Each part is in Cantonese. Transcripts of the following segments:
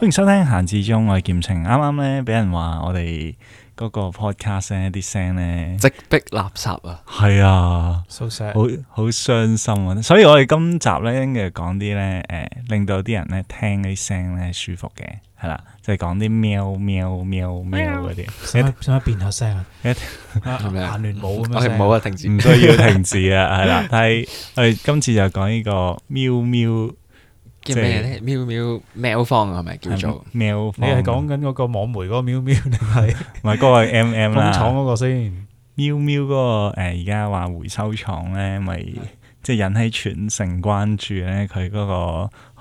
歡迎收聽閒至中，我係劍情。啱啱咧，俾人話我哋嗰個 podcast 咧，啲聲咧,直逼垃圾啊！係啊，so sad，好好傷心啊！所以我哋今集咧，應該講啲咧，誒，令到啲人咧聽啲聲咧舒服嘅，係啦，即係講啲喵喵喵喵嗰啲。使乜變下聲啊？係咪？閒亂舞咩聲？我係冇啊，停止，唔需要停止啦，係啦。但係我哋今次就講呢個喵喵。即係咩咧？就是，喵喵喵坊係咪叫做？你係講緊嗰個網媒嗰個喵喵，係咪嗰個 M、MM、M 工廠嗰個先？喵喵嗰、嗰個誒，而家話回收廠咧，咪即係引起全城關注咧？佢嗰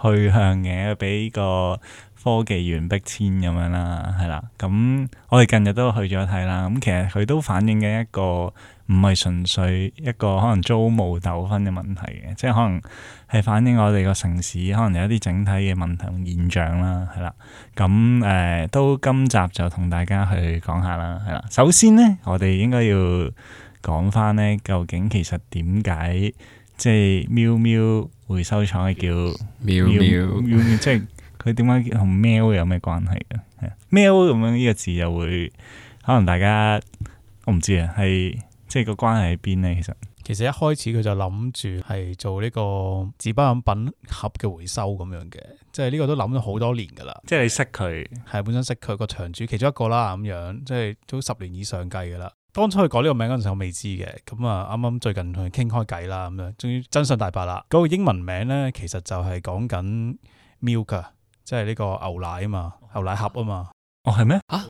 個去向嘅俾個科技園逼遷咁樣啦，係啦。咁我哋近日都去咗睇啦。咁其實佢都反映緊一個。唔係純粹一個可能租務糾紛嘅問題嘅，即係可能係反映我哋個城市可能有一啲整體嘅問題同現象啦，係啦。咁誒都今集就同大家去講下啦，係啦。首先呢，我哋應該要講返呢，究竟其實點解即係喵喵回收廠係叫喵喵？即係佢點解同喵有咩關係嘅？喵咁樣呢個字又會可能大家我唔知啊，係。即係個關係喺邊呢？其實其實一開始佢就諗住係做呢個紙包飲品盒嘅回收咁樣嘅，即係呢個都諗咗好多年噶啦。即係你識佢係本身識佢，嗰個場主其中一個啦咁樣，即係都十年以上計噶啦。當初佢改呢個名嗰陣時，我未知嘅。咁啊，啱啱最近同佢傾開計啦，咁樣終於真相大白啦。嗰、嗰個英文名呢，其實就係講緊 milk，即係呢個牛奶啊嘛，牛奶盒啊嘛。哦，係咩？啊？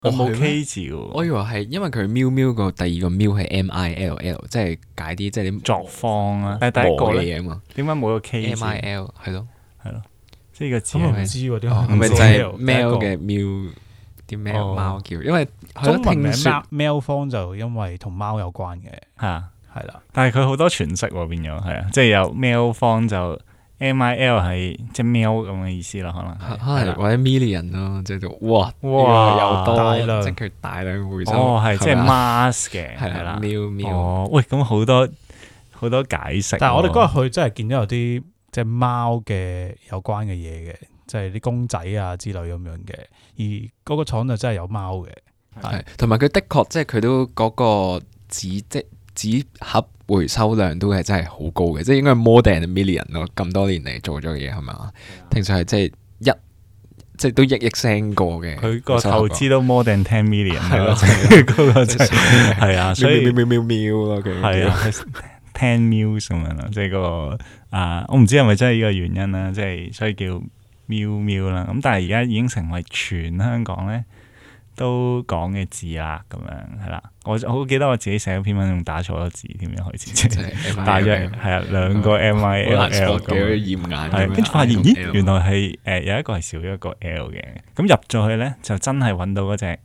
我冇 K 字嘅，我以為係因為佢喵喵個第二個喵係 M I L L，即係解啲即係啲作方啊，但係第一個嚟嘅嘛。點解冇個 K？M I L 係咯，係咯，即係個字我唔知，唔明就係喵嘅喵，啲喵貓叫，因為都聽喵坊就因為同貓有關嘅吓，係啦。但係佢好多詮釋變咗，係啊，即係有喵坊就。MIL 係即係喵咁嘅意思咯，可能係或者 million 咯，即係叫，哇哇又多，即係佢大量回收，即係 mask 嘅係啦。喵喵。哦，喂，咁好多好多解釋。但係我哋嗰日去真係見到有啲即係貓嘅有關嘅嘢嘅，即係啲公仔啊之類咁樣嘅。而嗰個廠就真係有貓嘅，係同埋佢的確即係佢都嗰個紙織。紙盒回收量都係真係好高嘅，即係應該係 more than million 咯。咁多年嚟做咗嘢係嘛？是是嗯、聽上係即係一，即係都億億聲過嘅。佢個投資都 more than ten million 係咯，嗰個係啊，所以喵喵喵喵咯，係 啊，ten mil 咁樣啦。即係嗰個啊，我唔知係咪真係呢個原因啦。即、就、係、是、所以叫喵喵啦。咁但係而家已經成為全香港咧。都講嘅字啦，咁樣係啦。我好記得我自己寫咗篇文，仲打錯咗字添，開始 即係大約係啊兩個 M I L 咁樣，跟住發現咦，原來係誒、呃、有一個係少咗一個 L 嘅。咁入咗去咧，就真係揾到嗰隻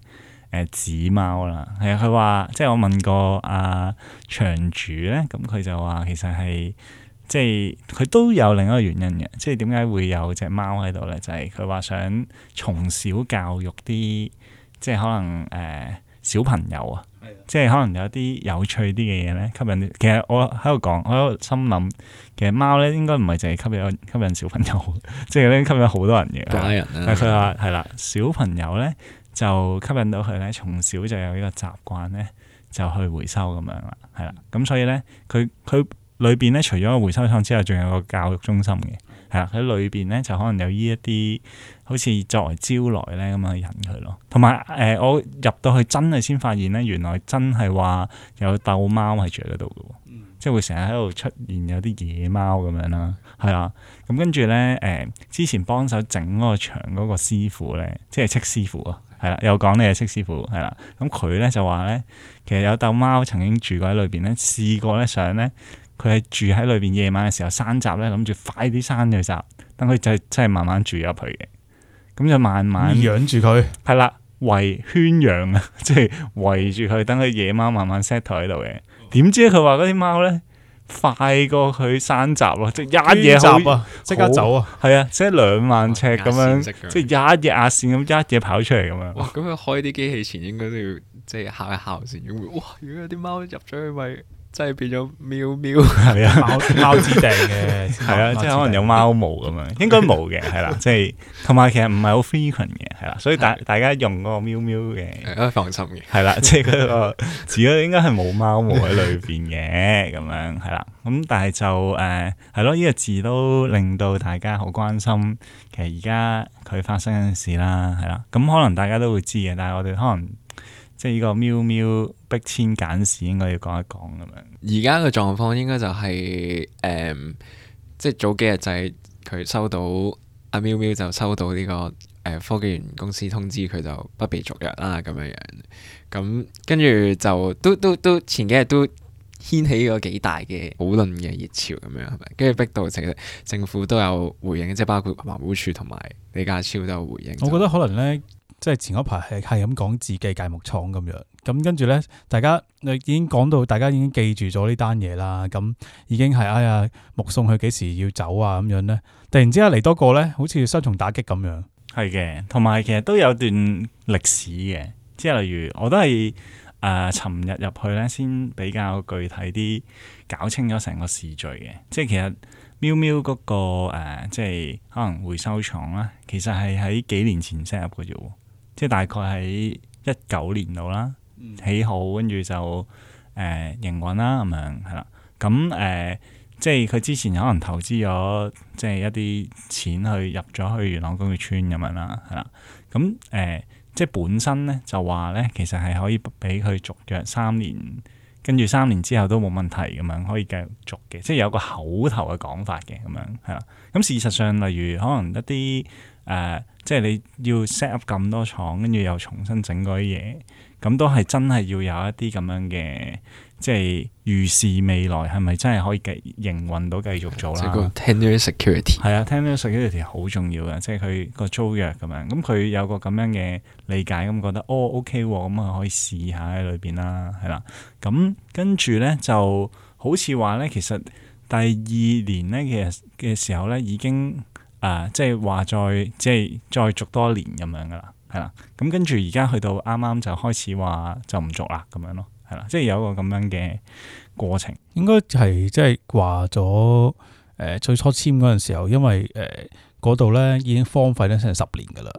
誒紫貓啦。係啊，佢話即係我問過阿、啊、長主咧，咁佢就話其實係即係佢都有另一個原因嘅，即係點解會有隻貓喺度咧？就係佢話想從小教育啲。即係可能誒、呃、小朋友啊，的即係可能有啲有趣啲嘅嘢咧吸引啲。其實我喺度講，我喺度心諗，其實貓咧應該唔係淨係吸引吸引小朋友，即係咧吸引好多人嘅。但佢話啦，係啦，小朋友咧就吸引到佢咧，從小就有呢個習慣咧，就去回收咁樣啦，係啦。咁所以咧，佢佢裏邊咧除咗個回收廠之外，仲有個教育中心嘅。係啦，喺裏邊咧就可能有呢一啲，好似作為招來咧咁去引佢咯。同埋誒，我入到去真係先發現咧，原來真係話有鬥貓係住喺度嘅喎，即係會成日喺度出現有啲野貓咁樣啦。係啊，咁、嗯嗯、跟住咧誒，之前幫手整嗰個牆嗰個師傅咧，即係戚師傅啊，係啦，又講咧你係戚師傅係啦，咁佢咧就話咧，其實有鬥貓曾經住過喺裏邊咧，試過咧想咧。佢係住喺裏邊，夜晚嘅時候山閘咧，諗住快啲山佢閘，等佢就真係慢慢住入去嘅，咁就慢慢養住佢。係啦，圍圈養啊，即係圍住佢，等佢野貓慢慢 set 喺度嘅。點知佢話嗰啲貓咧快過佢山閘咯，即係一夜好即刻走啊。係啊，即係兩萬尺咁樣，即係一夜壓線咁一夜跑出嚟咁樣。哇，咁佢開啲機器前應該都要即係行一行先。哇，如果有啲貓入咗去喂。即係變咗喵喵，貓貓字定嘅，係啊，即係可能有貓毛咁樣， 應該冇嘅，係啦。即係同埋其實唔係好 frequent 嘅，係啦。所以大家 大家用嗰個喵喵嘅，係啊，放心嘅，係 啦。即係佢個字，字要應該係冇貓毛喺裏邊嘅，咁樣係啦。咁、嗯、但係就誒，係、呃、咯、呢、這個字都令到大家好關心。其實而家佢發生嘅事啦，係啦。咁可能大家都會知嘅，但係我哋可能。即係呢個喵喵逼遷簡史，就是，應該要講一講咁樣。而家嘅狀況應該就係，誒，即係早幾日就係佢收到阿、啊、喵喵就收到呢、這個誒、呃、科技園公司通知，佢就不被續約啦咁樣樣。咁跟住就都都都前幾日都掀起咗幾大嘅討論嘅熱潮咁樣，係咪？跟住逼到政府都有回應，即係包括環保署同埋李家超都有回應。我覺得可能咧。即係前嗰排係係咁講自己鋸木廠咁樣，咁跟住咧，大家已經講到，大家已經記住咗呢單嘢啦，咁已經係哎呀目送佢幾時要走啊咁樣咧，突然之間嚟多個咧，好似雙重打擊咁樣。係嘅，同埋其實都有段歷史嘅，即係例如我都係誒尋日入去咧，先比較具體啲搞清咗成個事序嘅，即係其實喵喵嗰，那個誒、呃，即係可能回收廠啦，其實係喺幾年前 set 入嘅啫。即係大概喺一九年度啦，嗯、起好跟住就誒營、呃、運啦咁樣，係啦。咁誒、呃，即係佢之前可能投資咗即係一啲錢去入咗去元朗工業村咁樣啦，係啦。咁誒、呃，即係本身咧就話咧，其實係可以俾佢續約三年。跟住三年之後都冇問題，咁樣可以繼續做嘅，即係有個口頭嘅講法嘅咁樣，係啦。咁事實上，例如可能一啲誒、呃，即係你要 set up 咁多廠，跟住又重新整嗰啲嘢，咁都係真係要有一啲咁樣嘅。即係預示未來，係咪真係可以繼營運到繼續做啦？tenure security 係啊 tenure security 好重要噶即係佢個租約咁樣。咁佢有個咁樣嘅理解，咁覺得哦、oh，OK，咁啊可以試下喺裏邊啦，係啦。咁、嗯嗯、跟住咧，就好似話咧，其實第二年咧嘅嘅時候咧，已經誒、呃就是，即係話再即係再續多一年咁樣噶啦，係啦。咁、嗯嗯、跟住而家去到啱啱就開始話就唔續啦，咁樣咯。即係有一個咁樣嘅過程，應該係即係話咗，誒、呃、最初簽嗰陣時候，因為誒嗰度咧已經荒廢咧成十年噶啦，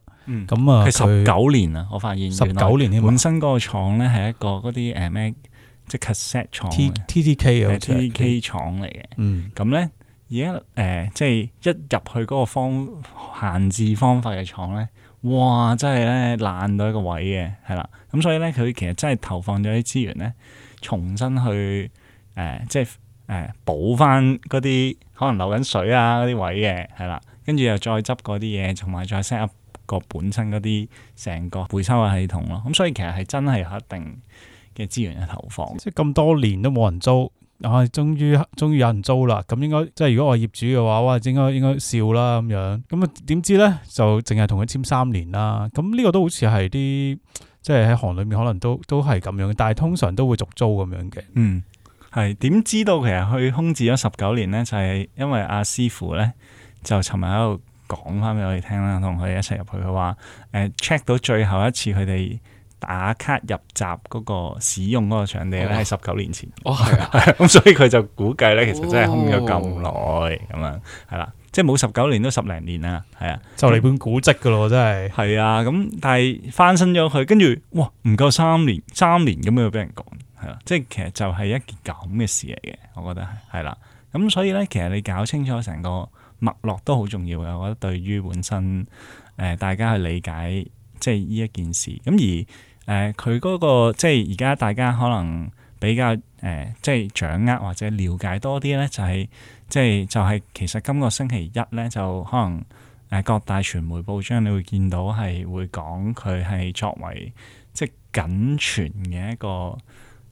咁啊係十九年啊，我發現十九年添，本身嗰個廠咧係一個嗰啲誒咩，即係 cassette 廠，T T, T K 嘅、呃、T, T K 廠嚟嘅，咁咧而家誒即係一入去嗰個荒閒置荒廢嘅廠咧。哇！真係咧爛到一個位嘅，係啦。咁、嗯、所以咧，佢其實真係投放咗啲資源咧，重新去誒、呃，即係誒、呃、補翻嗰啲可能流緊水啊嗰啲位嘅，係啦。跟住又再執嗰啲嘢，同埋再 set up 個本身嗰啲成個背抽嘅系統咯。咁、嗯、所以其實係真係有一定嘅資源去投放。即係咁多年都冇人租。啊！終於終於有人租啦，咁應該即係如果我係業主嘅話，哇！應該應該笑啦咁樣，咁啊點知咧就淨係同佢簽三年啦，咁呢、這個都好似係啲即係喺行裏面可能都都係咁樣，但係通常都會續租咁樣嘅。嗯，係點知道其實佢空置咗十九年咧，就係、是、因為阿、啊、師傅咧就尋日喺度講翻俾我哋聽啦，同佢一齊入去嘅話，誒、呃、check 到最後一次佢哋。打卡入閘嗰個使用嗰個場地咧，係十九年前哦。哦，係啊，咁 所以佢就估計咧，其實真係空咗咁耐咁樣，係啦，即係冇十九年都十零年啦，係、嗯、啊，就嚟本古蹟噶咯，真係。係啊，咁但係翻身咗佢，跟住哇，唔夠三年，三年咁樣俾人講，係啦，即、就、係、是、其實就係一件咁嘅事嚟嘅，我覺得係係啦，咁所以咧，其實你搞清楚成個脈絡都好重要嘅，我覺得對於本身誒、呃、大家去理解，即係呢一件事咁而。誒佢嗰個即係而家大家可能比較誒、呃、即係掌握或者了解多啲咧，就係、是、即係就係其實今個星期一咧，就可能誒、呃、各大傳媒報章，你會見到係會講佢係作為即係僅存嘅一個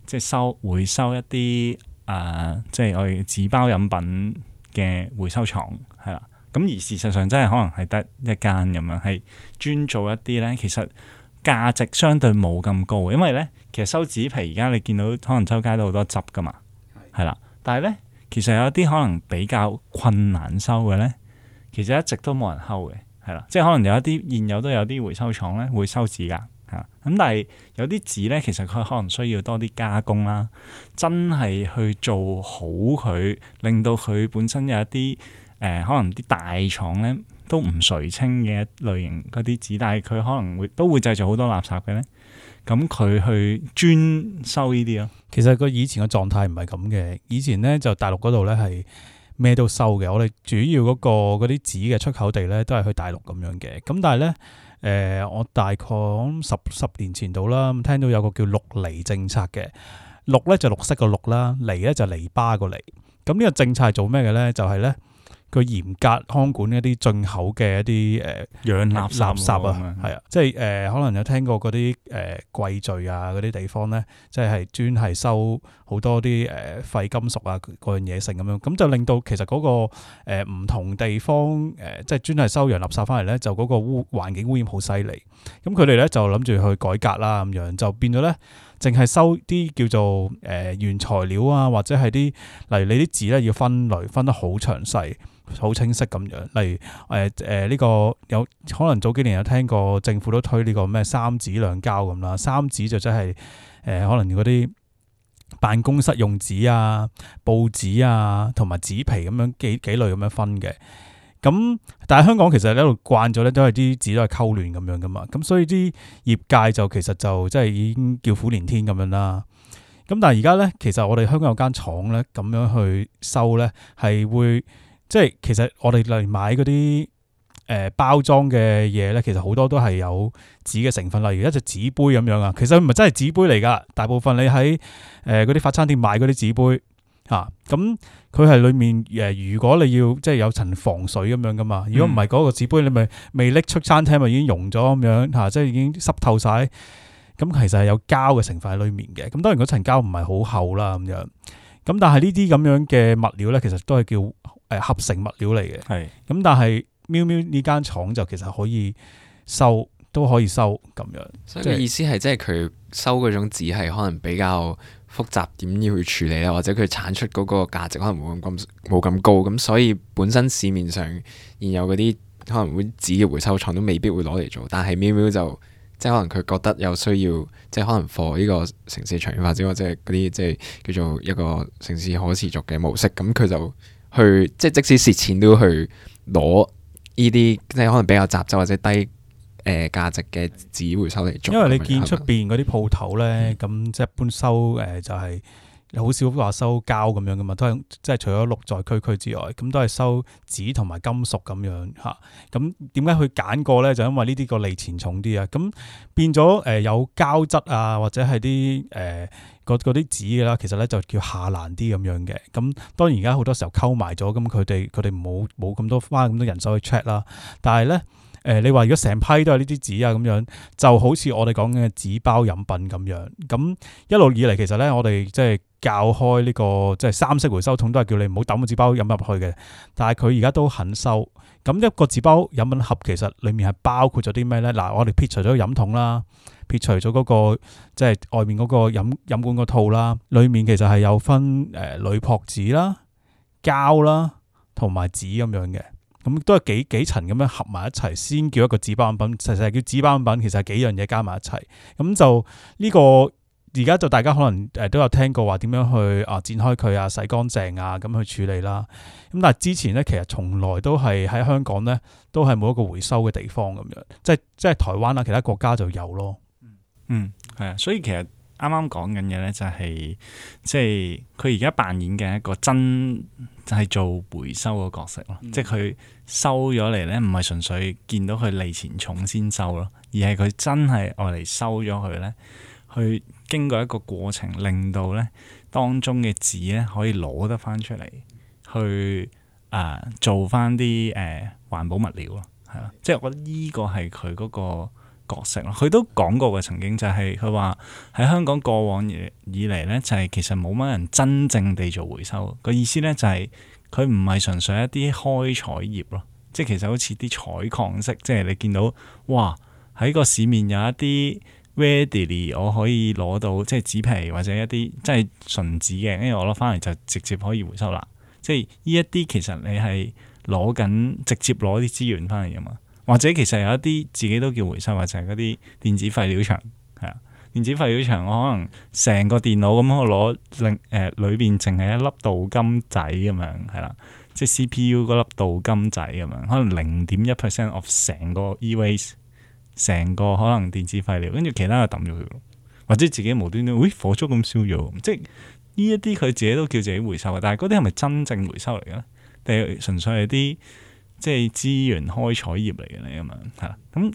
即係收回收一啲誒、呃、即係我哋紙包飲品嘅回收廠係啦。咁而事實上真係可能係得一間咁樣，係專做一啲咧，其實。價值相對冇咁高，因為咧，其實收紙皮而家你見到可能周街都好多執噶嘛，係啦的。但係咧，其實有啲可能比較困難收嘅咧，其實一直都冇人睺嘅，係啦。即係可能有一啲現有都有啲回收廠咧會收紙噶，嚇。咁但係有啲紙咧，其實佢可能需要多啲加工啦，真係去做好佢，令到佢本身有一啲誒、呃，可能啲大廠咧，都唔垂青嘅一類型嗰啲紙，但係佢可能會都會製造好多垃圾嘅呢，咁佢去專收呢啲啊？其實佢以前嘅狀態唔係咁嘅，以前呢，就大陸嗰度呢，係咩都收嘅。我哋主要嗰、嗰個嗰啲紙嘅出口地呢，都係去大陸咁樣嘅。咁但係呢，誒、呃，我大概十十年前到啦，聽到有個叫綠籬政策嘅，綠呢，就綠色嘅綠啦，籬呢，就籬笆嘅籬。咁呢個政策係做咩嘅呢？就係、係、呢。佢嚴格看管一啲進口嘅一啲誒，呃、洋垃圾啊，係啊，即係誒可能有聽過嗰啲誒貴嶼啊嗰啲地方咧，即係專係收好多啲誒、呃、廢金屬啊嗰樣嘢性咁樣，咁就令到其實嗰、嗰個唔、呃、同地方誒、呃，即係專係收洋垃圾翻嚟咧，就嗰個污環境污染好犀利。咁佢哋咧就諗住去改革啦咁樣，就變咗咧，淨係收啲叫做誒原材料啊，或者係啲例如你啲紙咧要分類分得好詳細。好清晰咁樣，例如誒誒呢個有可能早幾年有聽過政府都推呢個咩三紙兩膠咁啦，三紙就真係誒可能嗰啲辦公室用紙啊、報紙啊同埋紙皮咁樣幾幾類咁樣分嘅。咁但係香港其實喺度慣咗咧，都係啲紙都係溝亂咁樣噶嘛。咁所以啲業界就其實就真係已經叫苦連天咁樣啦。咁但係而家咧，其實我哋香港有間廠咧，咁樣去收咧，係會。即係其實我哋例如買嗰啲誒包裝嘅嘢咧，其實好多都係有紙嘅成分。例如一隻紙杯咁樣啊，其實唔係真係紙杯嚟噶。大部分你喺誒嗰啲快餐店買嗰啲紙杯嚇，咁佢係裡面誒、呃，如果你要即係有層防水咁樣噶嘛。如果唔係嗰個紙杯你，你咪未拎出餐廳，咪已經溶咗咁樣嚇、啊，即係已經濕透晒。咁、啊、其實係有膠嘅成分喺裡面嘅。咁當然嗰層膠唔係好厚啦，咁樣。咁但係呢啲咁樣嘅物料呢，其實都係叫合成物料嚟嘅。係。咁但係喵喵呢間廠就其實可以收，都可以收咁樣。所以意思係即係佢收嗰種紙係可能比較複雜點要去處理咧，或者佢產出嗰個價值可能冇咁冇咁高咁，高所以本身市面上現有嗰啲可能會紙嘅回收廠都未必會攞嚟做，但係喵喵就。即係可能佢覺得有需要，即係可能 for 呢個城市嘅長遠發展，或者嗰啲即係叫做一個城市可持續嘅模式，咁佢就去即係即，即使蝕錢都要去攞呢啲即係可能比較雜質或者低誒、呃、價值嘅紙回收嚟做。因為你見出邊嗰啲鋪頭咧，咁、嗯、即係一般收誒就係、是。又好少話收膠咁樣噶嘛，都係即係除咗綠在區區之外，咁都係收紙同埋金屬咁樣吓，咁點解佢揀過咧？就因為呢啲個利錢重啲啊。咁變咗誒、呃、有膠質啊，或者係啲誒嗰嗰啲紙啦，其實咧就叫下欄啲咁樣嘅。咁、啊、當然而家好多時候溝埋咗，咁佢哋佢哋冇冇咁多花咁多人手去 check 啦。但係咧誒，你話如果成批都係呢啲紙啊咁樣，就好似我哋講嘅紙包飲品咁樣。咁一路以嚟其實咧，我哋即係。教開呢、這個即係三色回收桶，都係叫你唔好抌個紙包飲入去嘅。但係佢而家都肯收。咁一個紙包飲品盒，其實裏面係包括咗啲咩咧？嗱，我哋撇除咗飲筒啦，撇除咗嗰、那個即係、就是、外面嗰個飲飲管個套啦，裏面其實係有分誒鋁箔紙啦、膠啦同埋紙咁樣嘅。咁都係幾幾層咁樣合埋一齊，先叫一個紙包飲品。其實叫紙包飲品，其實係幾樣嘢加埋一齊。咁就呢、這個。而家就大家可能誒，都有聽過話點樣去，啊剪開佢啊，洗乾淨啊，咁去處理啦。咁但係之前咧，其實從來都係喺香港咧，都係冇一個回收嘅地方咁樣。即係即係台灣啊，其他國家就有咯。嗯，係啊。所以其實啱啱講緊嘅咧，就係即係佢而家扮演嘅一個真係、就係、做回收嘅角色咯。嗯、即係佢收咗嚟咧，唔係純粹見到佢利錢重先收咯，而係佢真係愛嚟收咗佢咧，去。經過一個過程，令到咧當中嘅紙咧可以攞得翻出嚟，去誒、呃、做翻啲誒環保物料咯，係啦，即係我覺得呢個係佢嗰個角色咯。佢都講過嘅，曾經就係佢話喺香港過往以嚟咧，就係、是、其實冇乜人真正地做回收。個意思咧就係佢唔係純粹一啲開採業咯，即係其實好似啲採礦式，即係你見到哇喺個市面有一啲。r 我可以攞到即係紙皮或者一啲即係純紙嘅，跟住我攞翻嚟就直接可以回收啦。即係呢一啲其實你係攞緊直接攞啲資源翻嚟啊嘛，或者其實有一啲自己都叫回收或者係嗰啲電子廢料場係啊。電子廢料場我可能成個電腦咁我攞零，誒裏邊淨係一粒鍍金仔咁樣係啦，即係 C P U 嗰粒鍍金仔咁樣，可能零點一 percent of 成個 e-waste 成個可能電子廢料，跟住其他就抌咗佢或者自己無端端，咦、哎、火燭咁燒咗，即係呢一啲佢自己都叫自己回收嘅，但係嗰啲係咪真正回收嚟嘅咧？定係純粹係啲即係資源開採業嚟嘅咧咁樣？嚇咁。嗯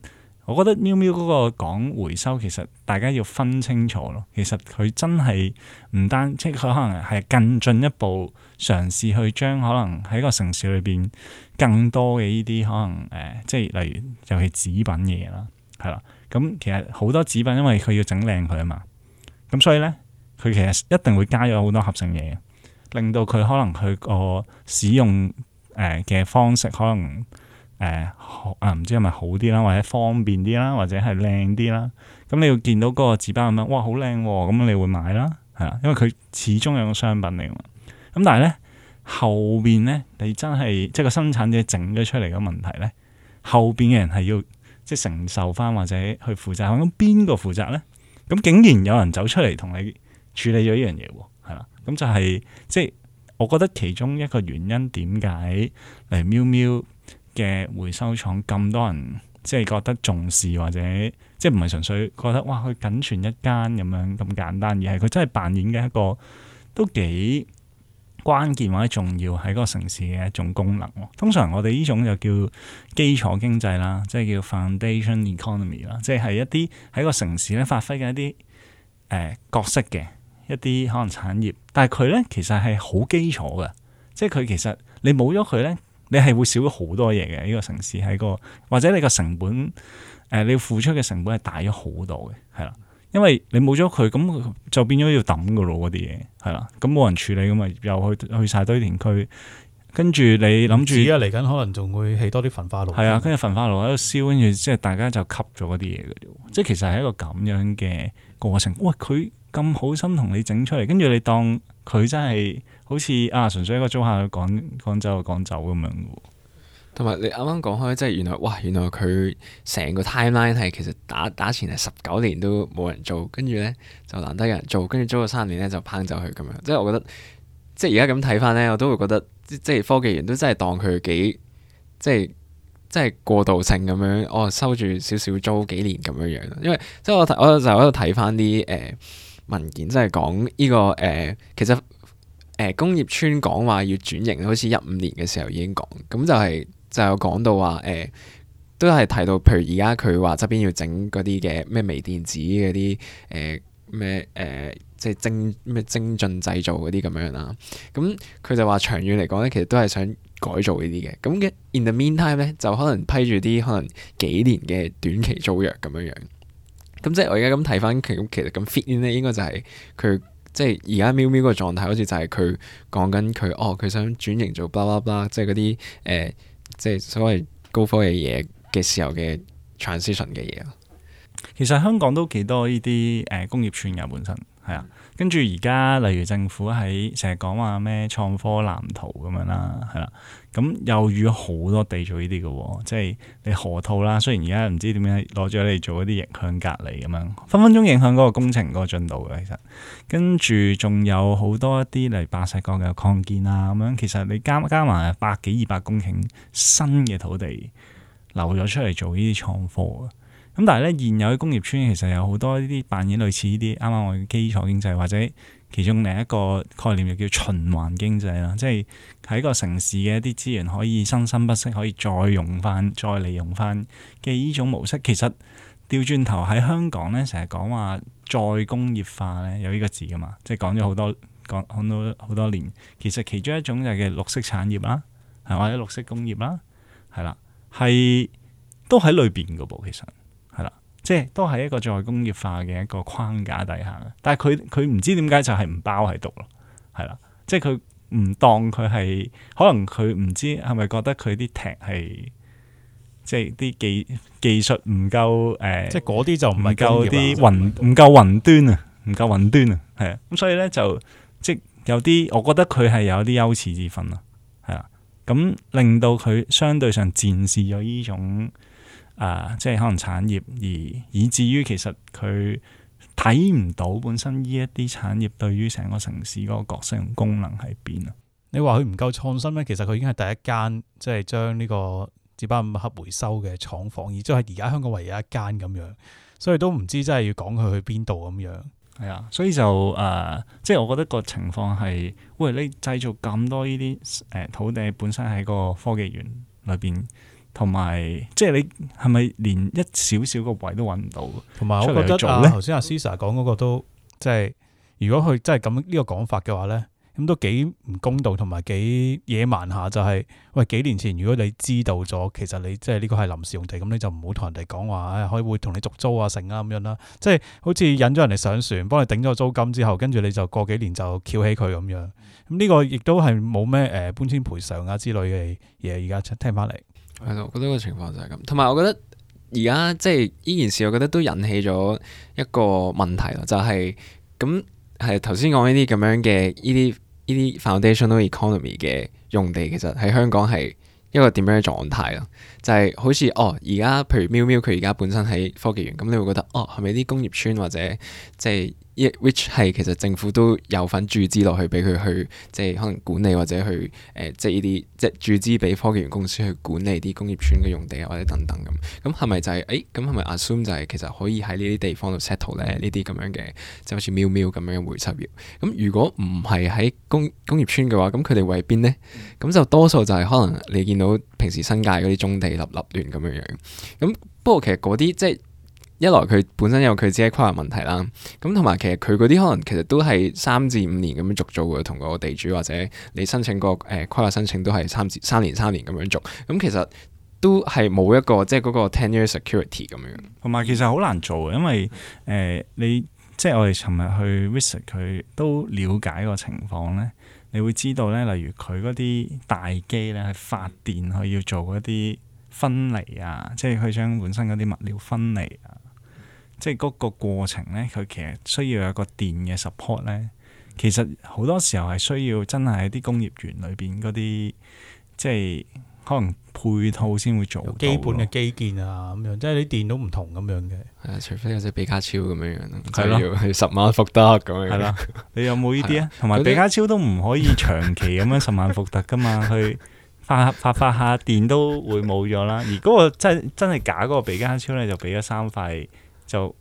我覺得喵喵嗰個講回收，其實大家要分清楚咯，其實佢真係唔單即佢可能係更進一步嘗試去將可能喺個城市裏邊更多嘅呢啲可能誒、呃，即係例如尤其是紙品嘢啦，係啦，咁其實好多紙品因為佢要整靚佢啊嘛，咁所以咧佢其實一定會加咗好多合成嘢，令到佢可能佢個使用誒嘅、呃、方式可能。誒，好、呃、啊，唔知係咪好啲啦，或者方便啲啦，或者係靚啲啦。咁你要見到嗰個紙包咁樣，哇，好靚，咁你會買啦，係啦。因為佢始終有個商品嚟嘅。咁但係咧後邊咧，你真係即係個生產者整咗出嚟嘅問題咧，後邊嘅人係要即係承受翻或者去負責，咁邊個負責咧？咁竟然有人走出嚟同你處理咗呢樣嘢，係啦。咁就係、是、即係，我覺得其中一個原因，點解嚟喵喵？嘅回收廠，咁多人即係覺得重視或者即係唔係純粹覺得哇佢僅存一間咁樣咁簡單，而係佢真係扮演嘅一個都幾關鍵或者重要喺嗰個城市嘅一種功能。通常我哋呢種就叫基礎經濟啦，即係叫 foundation economy 啦，即係一啲喺個城市咧發揮嘅一啲誒、呃、角色嘅一啲可能產業，但係佢呢，其實係好基礎嘅，即係佢其實你冇咗佢呢。你係會少咗好多嘢嘅呢個城市，喺一個或者你個成本，誒、呃、你付出嘅成本係大咗好多嘅，係啦，因為你冇咗佢，咁就變咗要抌噶咯嗰啲嘢，係啦，咁冇人處理咁啊，又去去曬堆填區，跟住你諗住，而家嚟緊可能仲會起多啲焚化爐，係啊，跟住焚化爐喺度燒，跟住即係大家就吸咗嗰啲嘢嘅啫，即係其實係一個咁樣嘅過程。喂，佢咁好心同你整出嚟，跟住你當佢真係。好似啊，純粹一個租客去講，講走就講走咁樣喎。同埋你啱啱講開，即係原來哇，原來佢成個 timeline 係其實打打前係十九年都冇人做，跟住咧就難得有人做，跟住租咗三年咧就拋走佢咁樣。即係我覺得，即係而家咁睇翻咧，我都會覺得即即係科技園都真係當佢幾即係即係過渡性咁樣。我、哦、收住少少租幾年咁樣樣，因為即係我我就喺度睇翻啲誒文件，即係講呢個誒、呃、其實。誒、呃、工業村講話要轉型，好似一五年嘅時候已經講，咁就係、係、就有講到話誒、呃，都係提到，譬如而家佢話側邊要整嗰啲嘅咩微電子嗰啲誒咩誒，即係精咩精進製造嗰啲咁樣啦。咁佢就話長遠嚟講咧，其實都係想改造呢啲嘅。咁嘅 in the meantime 咧，就可能批住啲可能幾年嘅短期租約咁樣樣。咁即係我而家咁睇返，其實其實咁 fit in 咧，應該就係佢。即係而家喵喵個狀態，好似就係佢講緊佢哦，佢想轉型做 blah blah blah 即係嗰啲誒，即係所謂高科嘅嘢嘅時候嘅 transition 嘅嘢咯。其實香港都幾多呢啲誒工業村嘅本身係啊，跟住而家例如政府喺成日講話咩創科藍圖咁樣啦，係啦。咁、嗯、又與好多地做呢啲嘅，即係你河套啦。雖然而家唔知點樣攞咗嚟做一啲影響隔離咁樣，分分鐘影響嗰個工程嗰個進度嘅。其實跟住仲有好多一啲嚟白石角嘅擴建啊，咁樣其實你加加埋百幾二百公頃新嘅土地留咗出嚟做貨呢啲創科。咁但係咧，現有嘅工業村其實有好多呢啲扮演類似呢啲啱啱我嘅基礎經濟或者。其中另一個概念就叫循環經濟啦，即係喺個城市嘅一啲資源可以生生不息，可以再用翻、再利用翻嘅依種模式。其實調轉頭喺香港咧，成日講話再工業化咧，有呢個字噶嘛，即係講咗好多講好多好多年。其實其中一種就係叫綠色產業啦，係或者綠色工業啦，係啦，係都喺裏邊噶噃其實。即係都係一個再工業化嘅一個框架底下嘅，但係佢佢唔知點解就係唔包喺度咯，係啦，即係佢唔當佢係，可能佢唔知係咪覺得佢啲踢係，即係啲技技術唔夠誒，呃、即係嗰啲就唔係夠啲雲，唔夠雲端啊，唔夠雲端啊，係啊，咁所以咧就即有啲，我覺得佢係有啲優次之分啊，係啊，咁令到佢相對上展示咗呢種。啊，即係可能產業，而以至於其實佢睇唔到本身呢一啲產業對於成個城市嗰個角色同功能喺邊啊？你話佢唔夠創新咧，其實佢已經係第一間即係將呢個紙包盒回收嘅廠房，而即係而家香港唯一一間咁樣，所以都唔知真係要講佢去邊度咁樣。係啊，所以就誒、呃，即係我覺得個情況係，喂，你製造咁多呢啲誒土地本身喺個科技園裏邊。同埋，即係你係咪連一少少個位都搵唔到？同埋，我覺得啊，頭先阿 Sisa 講嗰個都即係，如果佢真係咁呢個講法嘅話呢，咁都幾唔公道，同埋幾野蠻下。就係、是，喂，幾年前如果你知道咗，其實你即係呢個係臨時用地，咁你就唔好同人哋講話，可以會同你續租啊，成啊，咁樣啦。即係好似引咗人哋上船，幫你頂咗租金之後，跟住你就過幾年就翹起佢咁樣。咁呢個亦都係冇咩誒搬遷賠償啊之類嘅嘢。而家聽聽翻嚟。係咯，我覺得個情況就係咁。同埋我覺得而家即係呢件事，我覺得都引起咗一個問題咯。就係咁，係頭先講呢啲咁樣嘅呢啲呢啲 foundational economy 嘅用地，其實喺香港係一個點樣嘅狀態咯？就係好似哦，而家譬如喵喵佢而家本身喺科技園，咁你會覺得哦，係咪啲工業村或者即係？就是一 which 係其實政府都有份注資落去俾佢去即係可能管理或者去誒、呃、即係呢啲即係注資俾科技園公司去管理啲工業村嘅用地啊，或者等等咁，咁係咪就係、是、誒咁、哎、係咪 assume 就係、是、其實可以喺呢啲地方度 settle 咧呢啲咁、嗯、樣嘅、嗯、即係好似喵喵咁樣嘅回插業，咁如果唔係喺工工業村嘅話，咁佢哋為邊咧？咁就多數就係可能你見到平時新界嗰啲棕地立立亂咁樣樣咁，不過其實嗰啲即係。一來佢本身有佢自己規劃問題啦，咁同埋其實佢嗰啲可能其實都係三至五年咁樣續做嘅，同個地主或者你申請個誒規劃申請都係三至三年、三年咁樣續，咁、嗯、其實都係冇一個即係嗰個 tenure security 咁樣。同埋其實好難做嘅，因為誒、呃、你即係我哋尋日去 visit 佢都了解個情況咧，你會知道咧，例如佢嗰啲大機咧係發電，佢要做一啲分離啊，即係佢將本身嗰啲物料分離啊。即係嗰個過程咧，佢其實需要有個電嘅 support 咧。其實好多時候係需要真係喺啲工業園裏邊嗰啲，即係可能配套先會做基本嘅基建啊咁樣，即係你電都唔同咁樣嘅。係啊，除非有隻比卡超咁樣樣，啊、就要係、啊、十萬伏特咁樣。係啦、啊，你有冇呢啲啊？同埋比卡超都唔可以長期咁樣十萬伏特噶嘛， 去發發發下電都會冇咗啦。而嗰個真真係假嗰個比卡超咧，就俾咗三塊。就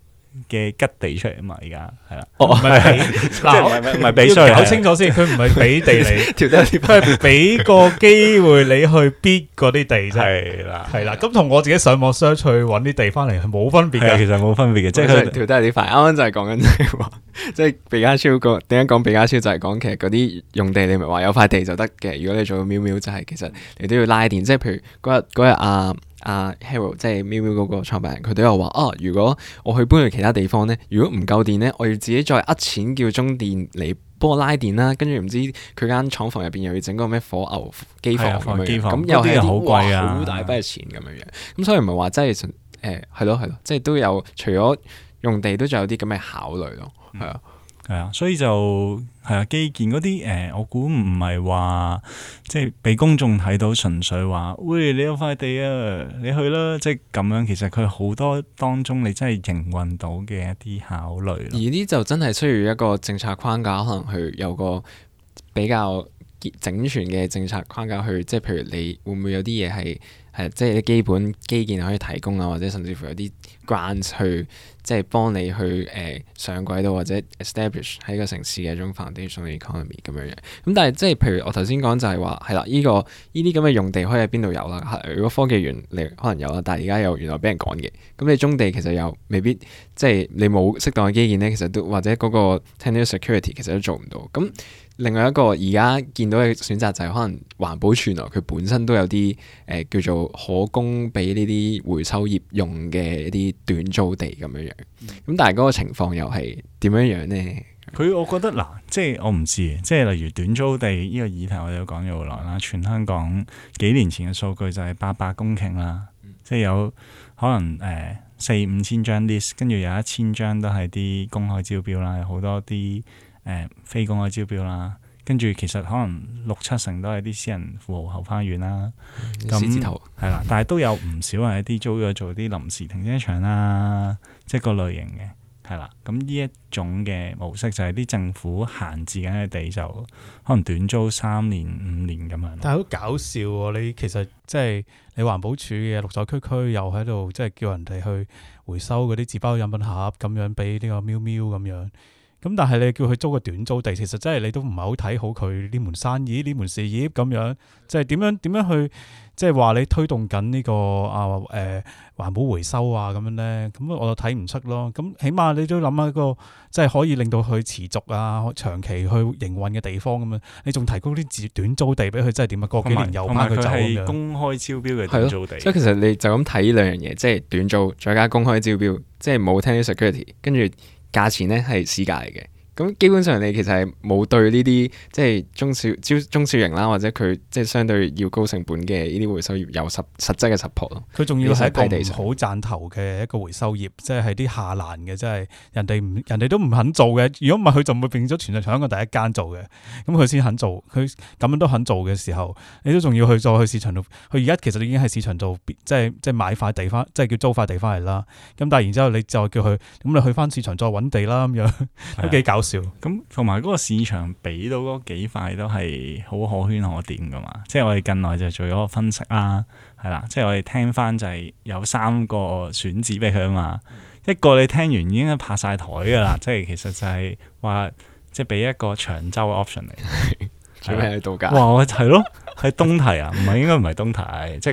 嘅吉地出嚟啊嘛，而家係啦。哦，唔係俾，嗱唔係俾稅。搞清楚先，佢唔係俾地你，佢係俾個機會你去逼嗰啲地啫。係啦，係啦。咁同我自己上網 search 去揾啲地翻嚟，係冇分別嘅。其實冇分別嘅，即係調低啲快。啱啱就係講緊即係，即係比加超講點解講比加超，就係講其實嗰啲用地你咪話有塊地就得嘅。如果你做喵喵，就係其實你都要拉電。即係譬如嗰日嗰日啊。啊、uh，Harold 即係喵喵嗰個創辦人，佢都有話哦，如果我去搬去其他地方咧，如果唔夠電咧，我要自己再呃錢叫中電嚟幫我拉電啦，跟住唔知佢間廠房入邊又要整嗰個咩火牛機房咁，咁又係啲好貴啊，好大筆錢咁樣樣，咁、啊、所以唔係話真係，誒、呃、係咯係咯，即係都有，除咗用地，都仲有啲咁嘅考慮咯，係啊。嗯係啊，所以就係啊基建嗰啲誒，我估唔係話即係俾公眾睇到，純粹話喂，你有塊地啊，你去啦，即係咁樣。其實佢好多當中，你真係營運到嘅一啲考慮。而呢就真係需要一個政策框架，可能去有個比較整全嘅政策框架去，即係譬如你會唔會有啲嘢係？係，即係啲基本基建可以提供啊，或者甚至乎有啲 grant 去即係幫你去誒、呃、上軌道，或者 establish 喺個城市嘅一種 foundation economy 咁樣樣。咁、嗯、但係即係譬如我頭先講就係話係啦，呢、這個呢啲咁嘅用地可以喺邊度有啦？如果科技園你可能有啦，但係而家又原來俾人趕嘅，咁你中地其實又未必即係你冇適當嘅基建呢，其實都或者嗰個 tenant security 其實都做唔到咁。另外一個而家見到嘅選擇就係可能環保署啊，佢本身都有啲誒、呃、叫做可供俾呢啲回收業用嘅一啲短租地咁樣樣。咁、嗯、但係嗰個情況又係點樣樣呢？佢我覺得嗱、呃，即係我唔知，即係例如短租地呢、呢個議題，我哋都講咗好耐啦。全香港幾年前嘅數據就係八百公頃啦，嗯、即係有可能誒四五千張 list，跟住有1，張一千張都係啲公開招標啦，有好多啲。誒非公開招標啦，跟住其實可能六七成都係啲私人富豪後花園啦，獅子、嗯嗯、頭啦，但係都有唔少係一啲租咗做啲臨時停車場啦，即係 個類型嘅係啦。咁呢一種嘅模式就係啲政府閒置緊嘅地就可能短租三年五年咁樣。但係好搞笑喎！你其實即係你環保署嘅綠在區區又喺度即係叫人哋去回收嗰啲紙包飲品盒咁樣，俾呢個喵喵咁樣。咁但係你叫佢租個短租地，其實真係你都唔係好睇好佢呢門生意、呢門事業咁樣，即係點樣點樣去即係話你推動緊呢、這個啊誒、呃、環保回收啊咁樣咧？咁我就睇唔出咯。咁起碼你都諗下個即係可以令到佢持續啊長期去營運嘅地方咁樣，你仲提供啲短短租地俾佢，即係點啊？過幾年又拋佢走公開招標嘅短租地。即係、啊、其實你就咁睇呢兩樣嘢，即係短租再加公開招標，即係冇聽啲 security，跟住。價錢呢，係市價嚟嘅。咁基本上你其實係冇對呢啲即係中小、中小型啦，或者佢即係相對要高成本嘅呢啲回收業有實實質嘅 support 咯。佢仲要係一個唔好賺頭嘅一個回收業，即係啲下欄嘅，即係人哋人哋都唔肯做嘅。如果唔係佢就唔會變咗全香港第一個第一間做嘅。咁佢先肯做，佢咁樣都肯做嘅時候，你都仲要去再去市場度。佢而家其實已經喺市場度，即係即係買塊地翻，即係叫租塊地翻嚟啦。咁但係然之後你就叫佢，咁你去翻市場再揾地啦咁樣都幾的 搞笑。咁同埋嗰個市場俾到嗰幾塊都係好可圈可點噶嘛，即係我哋近來就做咗個分析啦、啊，係啦，即係我哋聽翻就係有三個選址俾佢啊嘛，一個你聽完已經拍晒枱噶啦，即係其實就係、是、話即係俾一個長洲嘅 option 嚟，做咩度假？哇，係咯。喺東堤啊，唔係應該唔係東堤，即係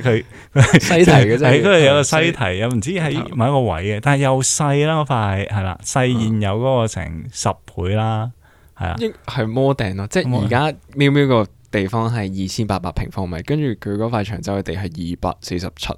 佢西堤嘅，啫，係嗰度有個西堤，西堤又唔知喺某一個位嘅，但係又細啦，嗰塊係啦，細現有嗰個成十倍啦，係啊、嗯，係摩定咯，即係而家喵喵個地方係二千八百平方米，跟住佢嗰塊長洲嘅地係二百四十七，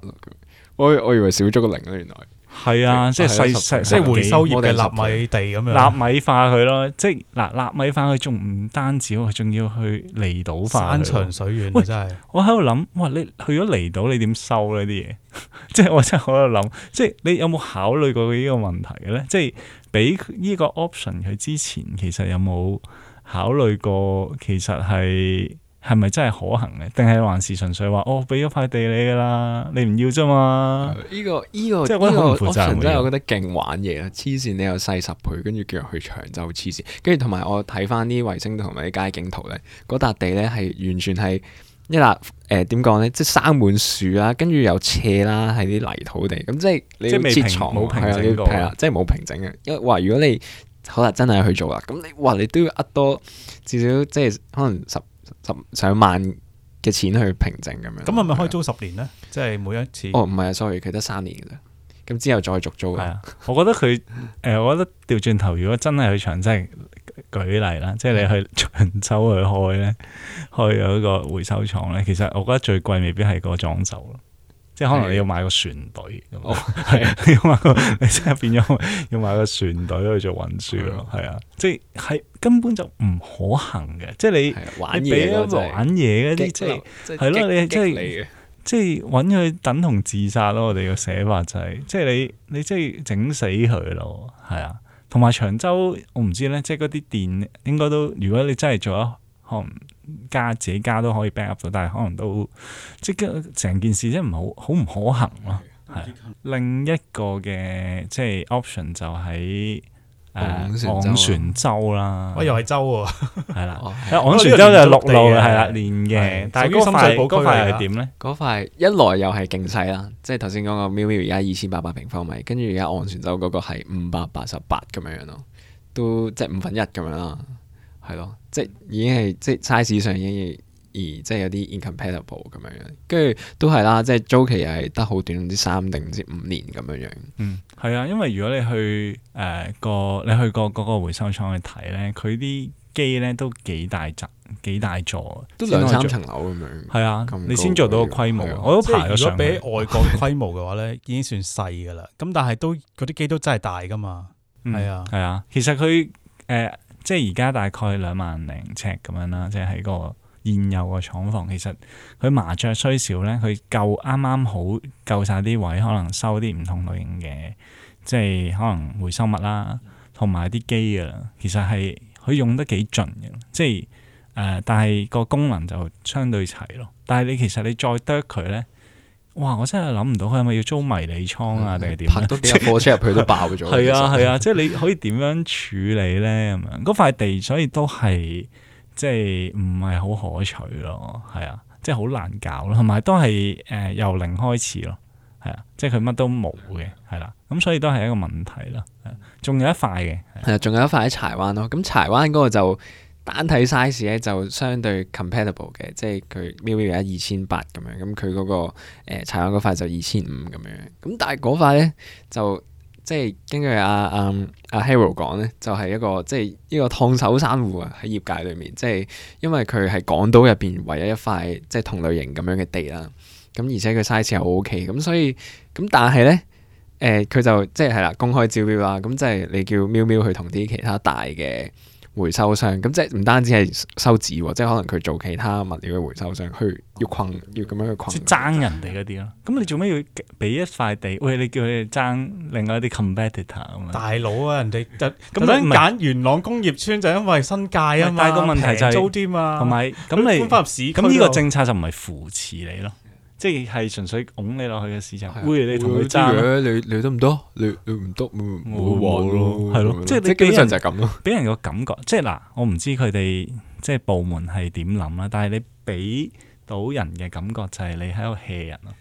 我我以為少咗個零原來。係啊，即係細，即係回收業嘅納米地咁樣，納米化佢咯，即係嗱納米化佢仲唔單止，仲要去離島化。山長水遠啊，喂真係我喺度諗，哇！你去咗離島，你點收呢啲嘢，？ 即係我真係喺度諗，即係你有冇考慮過佢呢個問題嘅咧？即係俾呢個 option 佢之前，其實有冇考慮過？其實係。係咪真係可行咧？定係還是純粹話我俾咗塊地你噶啦？你唔要啫嘛？呢、這個呢、這個即係好唔負責嘅嘢。我覺得勁 option 玩嘢啦，黐綫、啊、你又細十倍，跟住叫人去長洲黐綫，跟住同埋我睇翻啲衛星同埋啲街景圖咧，嗰笪地咧係完全係一笪誒點講咧？即係生滿樹啦，跟住又斜啦，係啲泥土地咁、啊，即係你未平整係啊？係啊，即係冇平整嘅。因為話如果你，真真你可能真係去做啦，咁你話你都要呃多至少即係可能 10, 十。十上萬嘅錢去平靜咁樣是是，咁係咪可以租十年咧？即係每一次，哦唔係啊，sorry，佢得三年噶啫，咁之後再續租啊、 呃，我覺得佢誒，我覺得調轉頭，如果真係去、就是、去長洲舉例啦，即係你去長洲去開咧，開一個回收廠咧，其實我覺得最貴未必係個裝修咯。即係可能你要買個船隊，係啊，要買個，即係變咗要買個船隊去做運輸咯，係啊，即係根本就唔可行嘅，即係你你玩嘢玩嘢嗰啲，即係係咯，你即係即係搵佢等同自殺咯，我哋個寫法就係，即係你你即係整死佢咯，係啊，同埋長洲我唔知咧，即係嗰啲電應該都，如果你真係做咗，可能。加自己加都可以 back up 到，但係可能都即係成件事即係唔好好唔可行咯。係、嗯、是另一個嘅即係 option 就喺誒昂船洲啦，我又係洲係啦。昂船洲就係陸路係啦，連嘅。的但係嗰塊嗰塊係點咧？嗰塊、啊、一來又係勁細啦，即係頭先講個喵喵而家二千八百平方米，跟住而家昂船洲嗰個係五百八十八咁樣樣咯，都即係五分一咁樣啦。係咯，即已經係即係 size 上已經而即係有啲 incompatible 咁樣樣，跟住都係啦，即係租期又係得好短，唔知三定唔知五年咁樣樣。嗯，係啊，因為如果你去誒、呃、個你去過嗰個回收廠去睇咧，佢啲機咧都幾大集，幾大座，都兩三層樓咁樣。係啊、嗯，你先做到個規模。了我都如果比外國規模嘅話咧， 已經算細噶啦。咁但係都嗰啲機都真係大噶嘛。係啊、嗯，係啊，其實佢誒。呃呃即係而家大概兩萬零尺咁樣啦，即係喺個現有個廠房，其實佢麻雀雖少咧，佢夠啱啱好夠晒啲位，可能收啲唔同類型嘅，即係可能回收物啦，同埋啲機㗎喇，其實係佢用得幾盡嘅，即係誒、呃，但係個功能就相對齊咯。但係你其實你再啄佢咧。哇！我真係諗唔到佢係咪要租迷你倉啊，定係點？拍到啲貨車入 去都爆咗。係 啊係啊，啊， 啊，即係你可以點樣處理咧？咁樣嗰塊地，所以都係即係唔係好可取咯。係啊，即係好難搞咯，同埋都係誒由零開始咯。係啊，即係佢乜都冇嘅，係啦。咁所以都係一個問題咯。仲、啊、有一塊嘅，係啊，仲有一塊喺柴灣咯。咁柴灣嗰個就。單體 size 咧就相對 compatible 嘅，即係佢喵喵而家二千八咁樣，咁佢嗰個誒柴灣嗰塊就二千五咁樣，咁但係嗰塊咧就即係根據阿阿阿 Harold 講咧，就係、是、一個即係呢個燙手山芋啊！喺業界裏面，即係因為佢係港島入邊唯一一塊即係同類型咁樣嘅地啦，咁而且佢 size 係好 OK，咁所以咁但係咧誒佢就即係係啦公開招標啦，咁即係你叫喵喵去同啲其他大嘅。回收商咁即係唔單止係收紙，即係可能佢做其他物料嘅回收商，佢要困要咁樣去困，爭人哋嗰啲咯，咁你做咩要俾一塊地？喂，你叫佢哋爭另外一啲 competitor 大佬啊，人哋就咁樣揀元朗工業村，就因為新界啊嘛，平、就是、租啲嘛、啊，同埋咁你咁呢個政策就唔係扶持你咯。即係純粹拱你落去嘅市場，不的會你同佢爭。你你得唔得？你你唔得，冇冇咯？係咯了，即係基本上就係咁咯。俾人個感覺，即係嗱，我唔知佢哋即係部門係點諗啦，但係你俾到人嘅感覺就係你喺度棄人咯。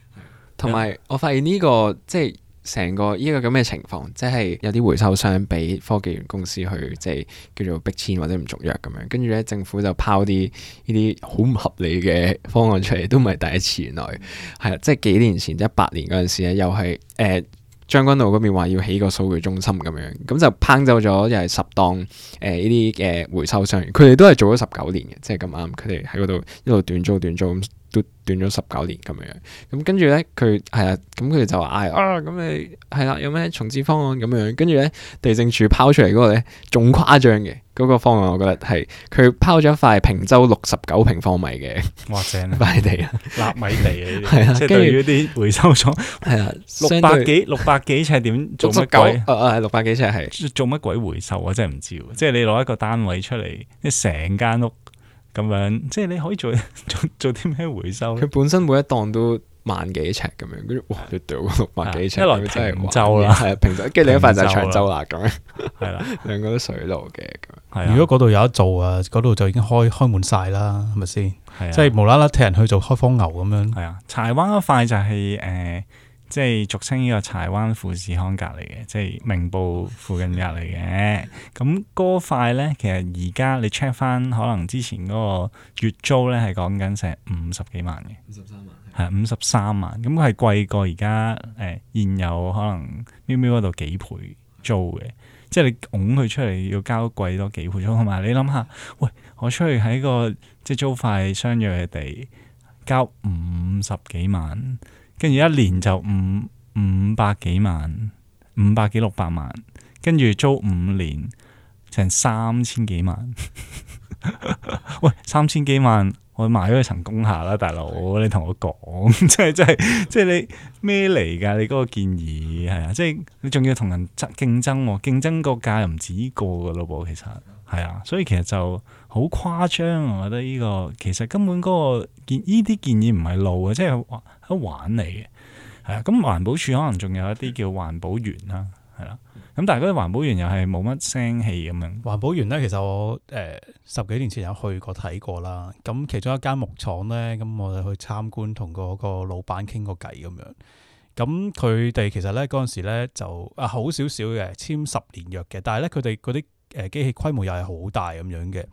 同埋，我發現呢、這個即係。成個呢個咁嘅情況，即係有啲回收商俾科技園公司去，即係叫做逼遷或者唔續約咁樣。跟住咧，政府就拋啲呢啲好唔合理嘅方案出嚟，都唔係第一次原來。係啊，即係幾年前即一八年嗰陣時咧，又係誒將軍澳嗰邊話要起個數據中心咁樣，咁就拋走咗又係十檔誒呢啲嘅回收商，佢哋都係做咗十九年嘅，即係咁啱，佢哋喺嗰度一路短租短租。斷咗十九年咁樣樣，咁跟住咧佢，係啊，咁佢哋就話啊，咁你係啦，有咩重置方案咁樣，跟住咧地政處拋出嚟嗰個咧仲誇張嘅，嗰、嗰個方案我覺得係佢拋咗一塊平洲六十九平方米嘅，哇，正啊，塊 地69，啊，納米地啊，係啊，即係對於啲回收廠係啊，六百幾六百幾尺點做乜鬼？六百幾尺係做乜鬼回收啊？真係唔知， 即係你攞一個單位出嚟，即係成間屋。咁樣，即係你可以做做做啲咩回收？佢本身每一檔都萬幾尺咁樣，跟住哇，一到六萬幾尺，一來平洲啦，係啊，平洲，跟住另一塊就長洲啦，咁樣係啦，兩的個都水路嘅。的如果嗰度有得做啊，嗰度就已經開開滿晒啦，係咪先？係即係無啦啦踢人去做開荒牛咁樣。係啊，柴灣嗰塊就係、是、誒。呃即係俗稱呢個柴灣富士康隔離嘅，即係明報附近隔離嘅。咁嗰塊呢，其實而家你 check 翻，可能之前嗰個月租呢，係講緊成五十幾萬嘅。五十三萬，係啊，五十三萬。咁佢係貴過而家誒現有可能喵喵嗰度幾倍租嘅，即係你拱佢出嚟要交貴多幾倍租。同埋你諗下，喂，我出去喺個即係租塊商業嘅地交五十幾萬。跟住一年就五五百幾萬，五百幾六百萬，跟住租五年，成三千幾萬。 喂，三千幾萬，我買咗一層工廈啦，大佬，你同我講，即係即係即係你咩嚟㗎？你嗰個建議係啊，即係你仲要同人爭競爭，競爭價個價又唔止呢個㗎囉噃，其實係啊，所以其實就好誇張，我覺得呢個其實根本嗰個建呢啲建議唔係路啊，即係都玩嚟嘅，係啊，咁環保署可能仲有一啲叫環保員啦，係啦，咁但係嗰啲環保員又係冇乜聲氣咁樣。環保員呢，其實我誒、呃、十幾年前有去過睇過啦，咁其中一間木廠呢，咁我哋去參觀，那個、同、那、嗰個老闆傾過偈咁樣。咁佢哋其實呢，嗰陣時呢就啊好少少嘅，簽十年約嘅，但係呢，佢哋嗰啲誒機器規模又係好大咁樣嘅。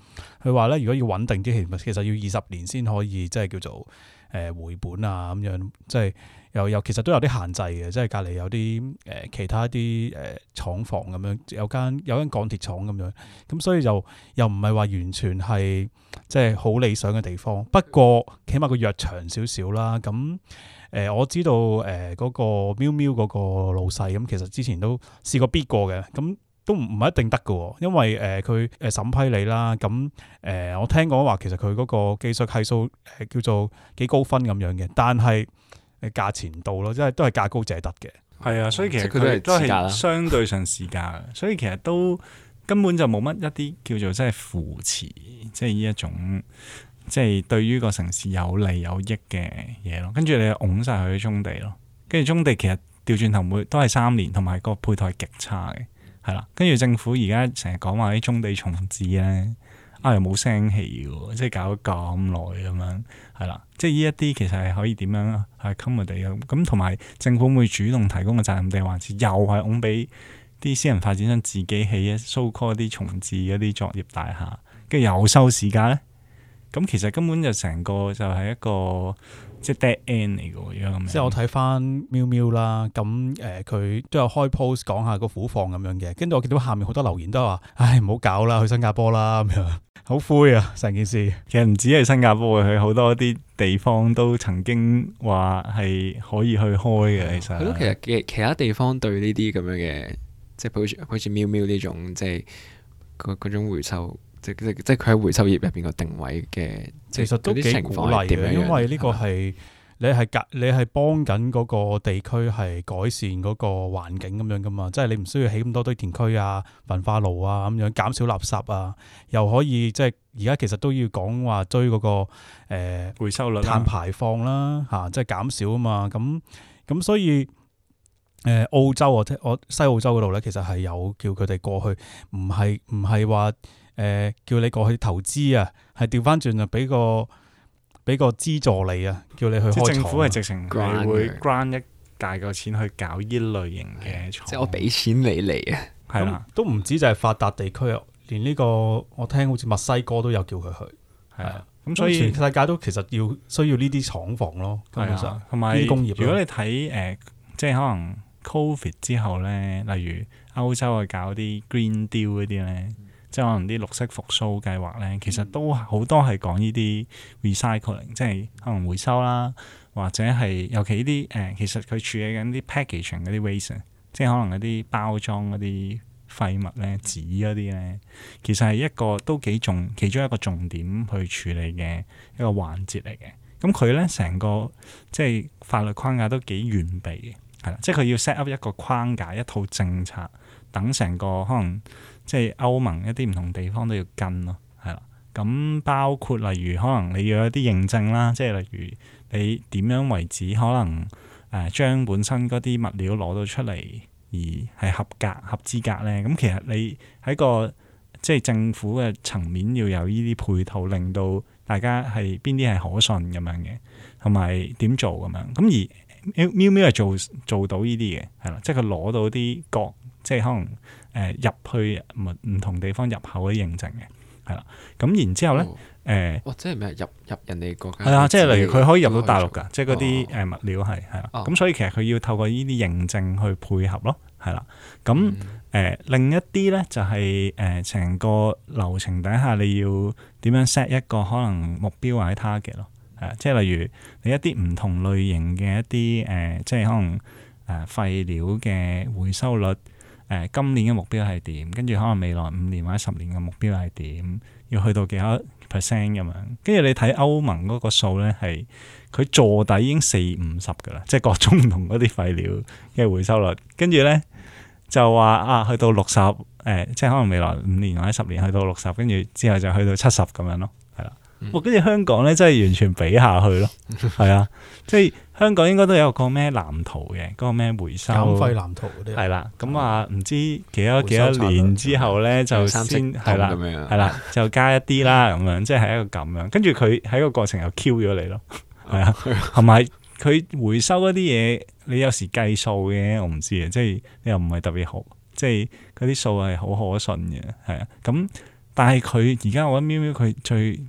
佢話呢，如果要穩定啲，其實要二十年先可以，即係叫做。誒回本啊咁樣，即係又又其實都有啲限制嘅，即係隔離有啲誒其他啲誒廠房咁樣，有間有間鋼鐵廠咁樣，咁所以就又唔係話完全係即係好理想嘅地方，不過起碼個約長少少啦。咁、嗯、誒、嗯、我知道誒嗰、嗯嗰個喵喵嗰個老細咁、嗯，其實之前都試過 bid 過嘅咁。嗯都唔唔一定得㗎，因為誒佢誒審批你啦。咁、嗯、誒、呃，我聽講話其實佢嗰個技術係數誒叫做幾高分咁樣嘅，但係誒價錢唔到咯，即係都係價高者得嘅。係啊，所以其實佢、嗯、都係相對上市價，所以其實都根本就冇乜一啲叫做即係扶持，即係呢一種即係、即係、對於個城市有利有益嘅嘢咯。跟住你拱晒佢去中地咯，跟住中地其實調轉頭會都係三年，同埋個配套係極差嘅。係啦，跟住政府而家成日講話啲中地重置咧，啊、哎、又冇聲氣嘅，即係搞咗咁耐咁樣，係啦，即係呢一啲其實係可以點樣係 accommodate 嘅咁，同埋政府會主動提供個責任定還是又係拱俾啲私人發展商自己起啊，so call 啲重置嗰啲作業大廈，跟住又收時間咧，咁其實根本就成個就係一個。即係 dead end 嚟嘅喎，而家咁。即係我睇翻喵喵啦，咁誒佢都有開 post 講下個苦況咁樣嘅，跟住我見到下面好多留言都係話：唉，唔好搞啦，去新加坡啦咁樣。好灰啊！成件事。其實唔止係新加坡嘅，佢好多啲地方都曾經話係可以去開嘅。其實係咯，佢都其實其他地方對呢啲咁樣嘅，即係好似好似喵喵呢種，即係嗰嗰種回收。即即佢喺回收業入邊個定位嘅，其實都幾鼓勵嘅，因為呢個係吧你係改你係幫緊嗰個地區係改善嗰個環境咁樣噶嘛，即係你唔需要起咁多堆填區啊、焚化爐啊咁樣減少垃圾啊，又可以即係而家其實都要講話追嗰、嗰個、呃、回收率、啊、碳排放啦嚇、啊，即係減少啊嘛，咁咁所以誒、呃、澳洲我我西澳洲嗰度咧，其實係有叫佢哋過去，唔係唔係話。誒、呃、叫你過去投資啊，係調返轉就俾個俾個資助你啊，叫你去開廠。即係政府係直情係會，會 grant、e、一大嚿錢去搞呢類型嘅廠。即我俾錢你嚟啊，係啦、嗯嗯嗯，都唔止就係發達地區啊，連呢、呢個我聽好似墨西哥都有叫佢去係啊。咁所以全世界都其實要需要呢啲廠房咯，基本上同埋的有工業如果你睇誒、呃，即係可能 Covid 之後咧，例如歐洲啊，搞啲 Green Deal 嗰啲咧。即係可能啲綠色復甦計劃咧，其實都好多係講呢啲 recycling，即係可能回收啦，或者係尤其呢啲誒，其實佢處理緊啲 packaging 嗰啲 waste，即係可能嗰啲包裝嗰啲廢物咧、紙嗰啲咧，其實係一個都幾重，其中一個重點去處理嘅一個環節嚟嘅。咁佢咧成個即係法律框架都幾完備嘅，係啦，即係佢要 set up 一個框架、一套政策，等成個可能。即係歐盟一啲唔同地方都要跟咯、啊，係啦。咁包括例如可能你要有一啲認證啦，即係例如你點樣為止可能誒、呃、將本身嗰啲物料攞到出嚟而係合格合資格咧？咁、嗯、其實你喺個即係政府嘅層面要有呢啲配套，令到大家係邊啲係可信咁樣嘅，同埋點做咁樣的。咁、嗯、而喵喵係做做到呢啲嘅，係啦，即係佢攞到啲角，即係可能。誒入去唔同地方入口嘅認證嘅，係啦。咁然之後咧，誒、嗯哦，即係咩入入人哋國家？係啊、 嗯，即係例如佢可以入到大陸㗎，哦、即係嗰啲誒物料係係啦。咁所以其實佢要透過呢啲認證去配合咯，係啦。咁誒另一啲咧就係誒成個流程底下你要點樣 set 一個可能目標或者 target 咯，係啊，即係例如你一啲唔同類型嘅一啲誒、呃，即係可能誒廢、呃、料嘅回收率。誒、呃、今年嘅目標係點？跟住可能未來五年或者十年嘅目標係點？要去到幾多 percent 咁樣？跟住你睇歐盟嗰個數咧，係佢坐底已經四五十噶啦，即係各種唔同嗰啲廢料嘅回收率。跟住咧就話啊，去到六十誒，即係可能未來五年或者十年去到六十，跟住之後就去到七十咁樣咯，係啦。跟住、嗯哦、香港咧，真係完全比下去咯，係啊，即係。香港應該都有個咩藍圖嘅，嗰個咩回收減廢藍圖嗰啲，係啦。咁啊，唔知幾多幾多年之後咧，色就先係啦，係啦，就加一啲啦咁樣，即係一個咁樣。跟住佢喺個過程又 Q 咗你咯，係啊。同埋佢回收嗰啲嘢，你有時計數嘅，我唔知啊。即係你又唔係特別好，即係嗰啲數係好可信嘅，係啊。咁但係佢而家我覺得喵喵佢最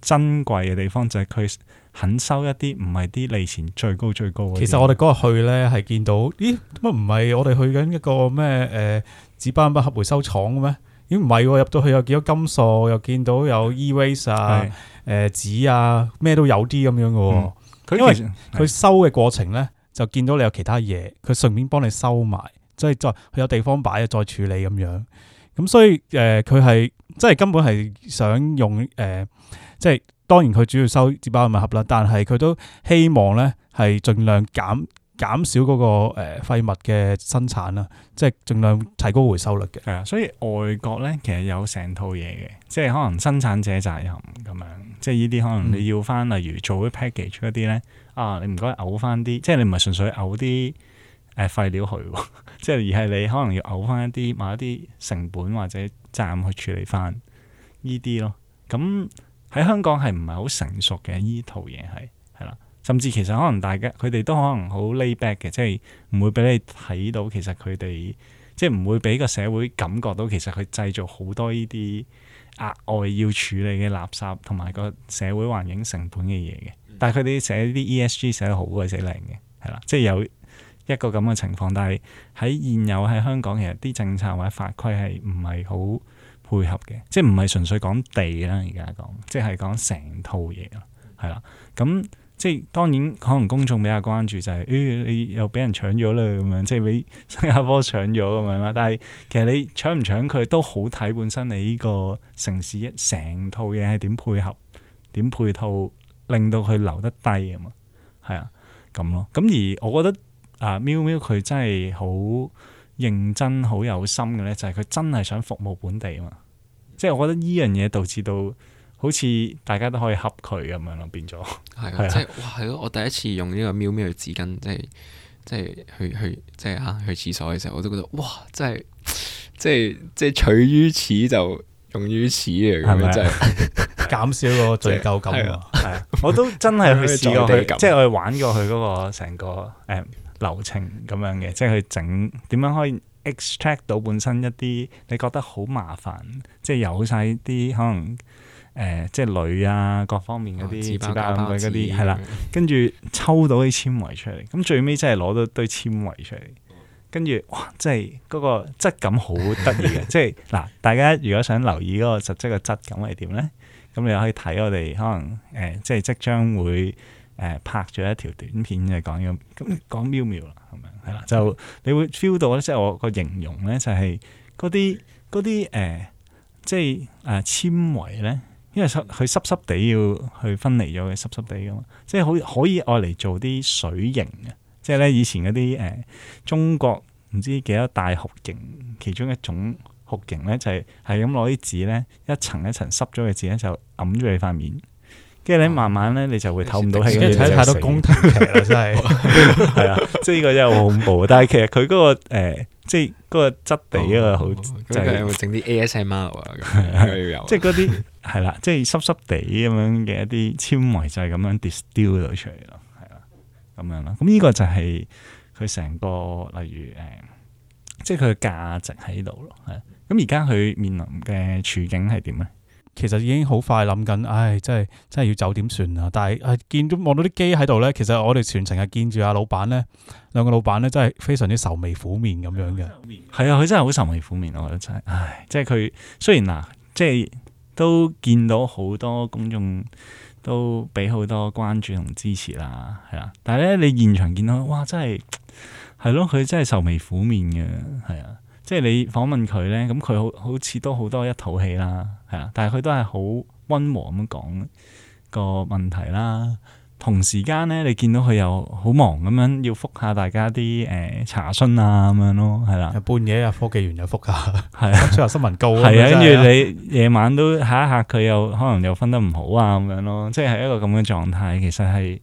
珍貴嘅地方就係佢。肯收一啲唔係啲利錢最高最高嘅。其實我哋嗰日去咧，係見到咦，乜唔係我哋去緊一個咩誒紙包盒回收廠嘅咩？咦唔係，入到去又見到金屬，又見到有 e-waste 誒紙啊，咩的、呃啊、都有啲咁樣嘅、哦。佢、嗯、因為佢收嘅過程咧，的就見到你有其他嘢，佢順便幫你收埋，即、就、係、是、再佢有地方擺啊，再處理咁樣。咁所以誒，佢、呃、係即係根本係想用誒、呃，即係。當然佢主要收紙包物盒啦，但係佢都希望咧係盡量減減少嗰、那個誒、呃、廢物嘅生產啦，即係盡量提高回收率嘅。係啊、嗯，所以外國咧其實有成套嘢嘅，即係可能生產者責任咁樣，即係呢啲可能你要翻，例如做啲 package 一啲咧，嗯、啊你唔該嘔翻啲，即係你唔係純粹嘔啲誒廢料去喎，即係而係你可能要嘔翻一啲某一啲成本或者責任去處理翻呢啲咯，咁。喺香港係唔係好成熟嘅呢套嘢，係係啦，甚至其實可能大家佢哋都可能好 lay back 嘅，即係唔會俾你睇到其實佢哋即係唔會俾個社會感覺到其實佢製造好多呢啲額外要處理嘅垃圾同埋個社會環境成本嘅嘢嘅，mm hmm. 但係佢哋寫啲 ESG 寫得好鬼死靚嘅，係啦，即係有一個咁嘅情況，但係喺現有喺香港其實啲政策或者法規係唔係好配合嘅，即係唔係純粹講地啦，而家講，即係講成套嘢咯，係啦。咁即係當然，可能公眾比較關注就係、是，誒、哎，你又俾人搶咗啦，咁樣，即係俾新加坡搶咗咁樣啦。但係其實你搶唔搶佢都好睇，本身你呢個城市一成套嘢係點配合，點配套，令到佢留得低啊嘛，係啊，咁咯。咁而我覺得啊，喵喵佢真係好。認真好有心嘅咧，就係、是、佢真係想服務本地啊嘛！即係我覺得呢樣嘢導致到，好似大家都可以恰佢咁樣咯，變咗係 啊！即係哇，係咯哇！我第一次用呢個喵喵嘅紙巾，即係即係去即、啊、去即係吓去廁所嘅時候，我都覺得哇！即係即係即係取於此就用於此嚟，咁樣即係減少個罪疚感啊！係我都真係去試過 即係我玩過佢嗰個成個誒。嗯流程咁樣嘅，即係佢整點樣可以 extract 到本身一啲你覺得好麻煩，即係有晒啲可能誒、呃，即係鋁啊各方面嗰啲紙包、紙袋嗰啲係啦，跟住抽到啲纖維出嚟，咁最尾真係攞到堆纖維出嚟，跟住哇，即係嗰個質感好得意嘅，即係嗱，大家如果想留意嗰個實際嘅質感係點咧，咁你可以睇我哋可能誒，即係即將會，會。誒、呃、拍咗一條短片就講咁，講喵喵啦，係咪？係啦， 就你會 feel 到咧，即係我個形容咧，就係嗰啲嗰啲誒，即係誒纖維咧，因為濕佢濕濕地要去分離咗佢濕濕地嘅嘛，即係好可以愛嚟做啲水刑嘅，即係咧以前嗰啲誒中國唔知幾多大酷刑其中一種酷刑咧，就係係咁攞啲紙咧，一層一層濕咗嘅紙咧就揞住你塊面。跟住你慢慢咧，你就會透唔到氣。睇太多宮廷劇啦，真係係啊！即係呢個真係好恐怖。但係其實佢嗰、嗰個、欸、即係嗰個質地個、哦哦、有冇啊，好 吧即係會整啲 ASMR 啊，即係嗰啲係啦，即係濕濕地咁樣嘅一啲纖維就，就係咁樣 distill 到出嚟咯，係啦，咁樣啦。咁呢個就係佢成個例如誒，即係佢嘅價值喺度咯。係咁而家佢面臨嘅處境係點咧？其實已經好快諗緊，唉！真係真係要走點算啊？但係見到望到啲機喺度呢，其實我哋全程係見住阿老闆呢。兩個老闆呢，真係非常之愁眉苦面咁樣嘅。係啊、嗯，佢、嗯嗯、真係好愁眉苦面，我覺得真係，唉！即係佢雖然嗱，即係都見到好多公眾都俾好多關注同支持啦，係啦。但係呢，你現場見到，哇！真係係咯，佢真係愁眉苦面嘅，係啊。即係你訪問佢咧，咁佢好好似都好多一套戲啦，係啊！但係佢都係好溫和咁講個問題啦。同時間咧，你見到佢又好忙咁樣要覆下大家啲誒、呃、查詢啊咁樣咯，係啦。半夜啊，科技員又覆噶，係啊的，即係 新聞稿。係啊的，跟住你夜晚都嚇一嚇佢，又可能又瞓得唔好啊咁樣咯。即係一個咁嘅狀態，其實係誒、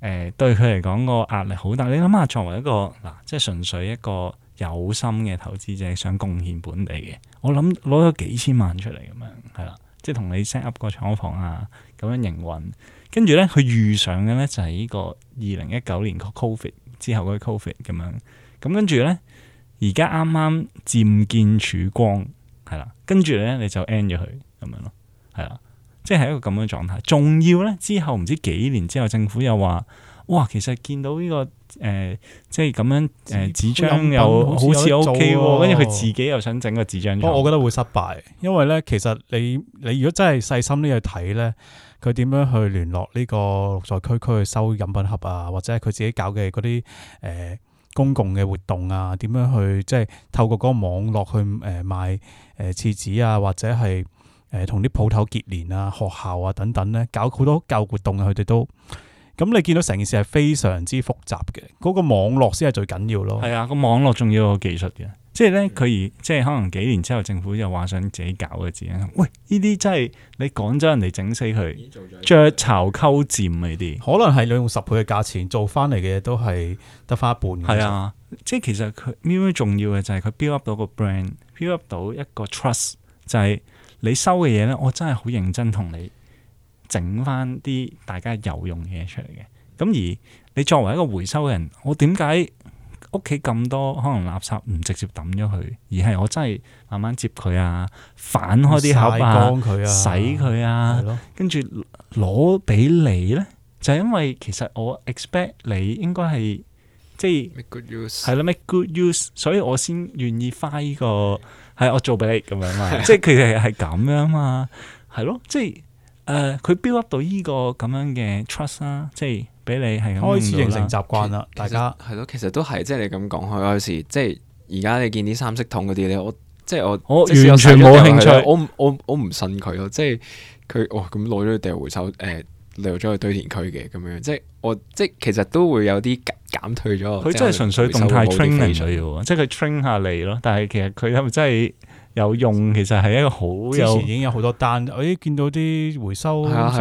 呃、對佢嚟講個壓力好大。你諗下，作為一個嗱，即係純粹一個。有心嘅投資者想貢獻本地嘅，我諗攞咗幾千萬出嚟咁樣，係啦，即係同你 set up 個廠房啊，咁樣營運，跟住咧佢遇上嘅咧就係呢個二零一九年 COVID 之後嘅 COVID 咁樣，咁跟住咧而家啱啱漸見曙光，係啦，跟住咧你就 end 咗佢咁樣咯，係啦，即係一個咁樣狀態。仲要咧之後唔知幾年之後，政府又話：哇，其實見到呢個。誒、呃，即係咁樣誒，紙、呃、張紫又好似 O K，跟住佢自己又想整個紙張。不過我覺得會失敗，因為咧，其實你你如果真係細心啲去睇咧，佢點樣去聯絡呢個六在區區去收飲品盒啊，或者係佢自己搞嘅嗰啲誒公共嘅活動啊，點樣去即係透過嗰個網絡去誒賣誒廁紙啊，或者係誒同啲鋪頭結連啊、學校啊等等咧，搞好多教活動啊，佢哋都。咁你見到成件事係非常之複雜嘅，嗰、嗰個網絡先係最緊要咯。係啊，個網絡仲要個技術嘅，即係咧佢而即係可能幾年之後，政府又話想自己搞嘅自己。喂，呢啲真係你趕走人哋整死佢，雀巢溝佔嗰啲，嗯、可能係你用十倍嘅價錢做翻嚟嘅嘢，都係得翻一半。係啊，以即係其實佢最重要嘅就係佢 build up 到個 brand，build up 到一個 trust，就係你收嘅嘢咧，我真係好認真同你。整翻啲大家有用嘅嘢出嚟嘅，咁而你作為一個回收嘅人，我點解屋企咁多可能垃圾唔直接抌咗佢，而係我真係慢慢接佢啊，反開啲盒啊，洗佢啊，跟住攞俾你咧？就係因為其實我 expect 你應該係即係 make good use，係啦 make good use，所以我先願意花呢個係我做俾你咁樣嘛，即係佢哋係咁樣嘛，係咯，即係。誒，佢、呃、build up 到呢個咁樣嘅 trust 啦，即係俾你係開始形成習慣啦，實大家係咯，其實都係，即係你咁講，開始即係而家你見啲三色桶嗰啲咧，我即係我我、哦、完全冇興趣，我唔我我唔信佢咯，即係佢哦，咁攞咗佢掉回收，誒、呃，留咗去堆填區嘅咁樣，即係我即係其實都會有啲減退咗，佢真係純粹動態 t r 需要，即係佢 train 下你咯，但係其實佢有冇真係？有用其實係一個好有，之前已經有好多單，哎見到啲回收箱，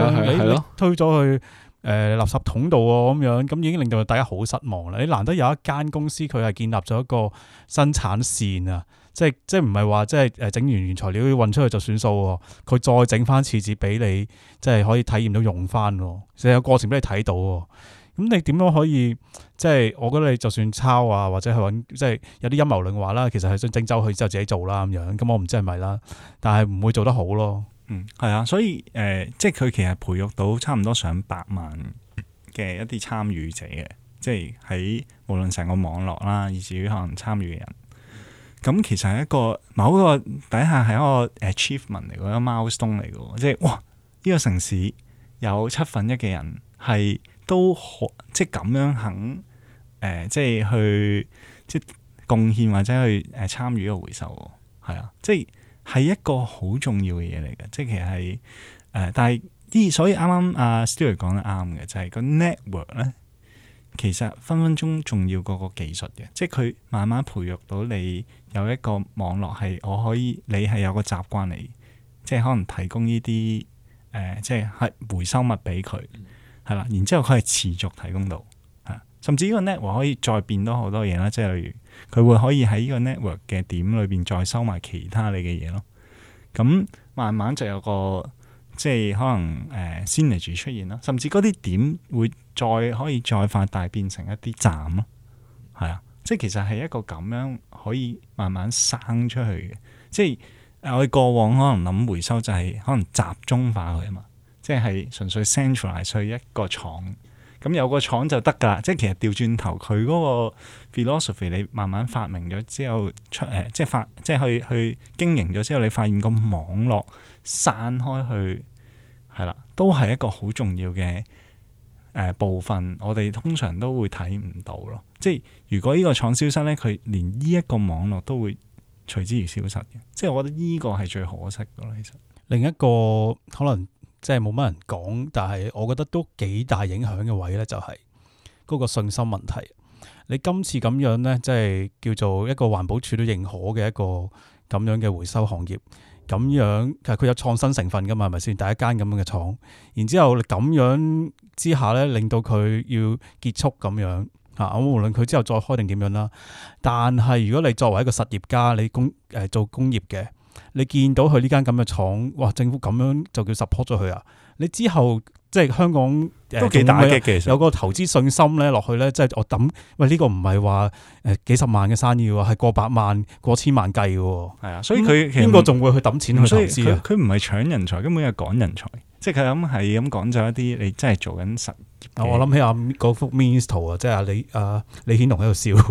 推咗去誒、呃、垃圾桶度喎，咁樣咁已經令到大家好失望啦！你難得有一間公司佢係建立咗一個生產線啊，即係即係唔係話即係誒整完原材料要運出去就算數喎，佢再整翻廁紙俾你，即係可以體驗到用翻喎，成個過程俾你睇到喎。咁你點樣都可以即係，我覺得你就算抄啊，或者去揾即係有啲陰謀論話啦，其實係想整走佢之後自己做啦咁樣。咁我唔知係咪啦，但係唔會做得好咯。嗯，係啊，所以誒、呃，即係佢其實培育到差唔多上百萬嘅一啲參與者嘅，即係喺無論成個網絡啦，以至於可能參與嘅人。咁其實係一個某個底下係一個 achievement 嚟嘅，一個 milestone 嚟嘅，即係哇！呢、呢個城市有七分一嘅人係。都可即係咁樣肯誒、呃，即係去即係貢獻或者去誒參與個回收，係啊，即係係一個好重要嘅嘢嚟嘅，即係其實係誒，但係依所以啱啱阿、啊、Stuart 講得啱嘅，就係、是、個 network 咧，其實分分鐘重要過個技術嘅，即係佢慢慢培育到你有一個網絡係，我可以你係有個習慣嚟，即係可能提供呢啲誒，即係係回收物俾佢。嗯係啦，然之後佢係持續提供到，嚇，甚至呢個 network 可以再變多好多嘢啦，即係例如佢會可以喺呢個 network 嘅點裏邊再收埋其他你嘅嘢咯。咁慢慢就有個即係可能誒，先嚟住出現啦，甚至嗰啲點會再可以再發大變成一啲站咯。係啊，的的即係其實係一個咁樣可以慢慢生出去嘅。即係、呃、我哋過往可能諗回收就係、是、可能集中化佢啊嘛。嗯即係純粹 centralize 一個廠，咁有個廠就得㗎啦。即係其實掉轉頭，佢嗰個 philosophy，你慢慢發明咗之後出誒、呃，即係發即係去去經營咗之後，你發現個網絡散開去係啦，都係一個好重要嘅誒、呃、部分。我哋通常都會睇唔到咯。即係如果呢個廠消失咧，佢連呢一個網絡都會隨之而消失嘅。即係我覺得呢個係最可惜嘅咯。其實另一個可能。即係冇乜人講，但係我覺得都幾大影響嘅位呢，就係嗰個信心問題。你今次咁樣呢，即係叫做一個環保署都認可嘅一個咁樣嘅回收行業，咁樣佢有創新成分噶嘛，係咪先第一間咁樣嘅廠？然之後咁樣之下呢，令到佢要結束咁樣啊，無論佢之後再開定點樣啦，但係如果你作為一個實業家，你工誒、呃、做工業嘅。你見到佢呢間咁嘅廠，哇！政府咁樣就叫 support 咗佢啊！你之後。即係香港都幾打擊嘅，其實有嗰個投資信心咧落去咧，即、就、係、是、我抌喂呢個唔係話誒幾十萬嘅生意喎，係過百萬、過千萬計嘅喎，係啊，所以佢邊個仲會去抌錢去投資啊？佢唔係搶人才，根本係趕人才，嗯、即係佢諗係咁趕走一啲你真係做緊實。我諗起阿嗰幅 meme 圖啊，即係阿李阿李顯龍喺度笑，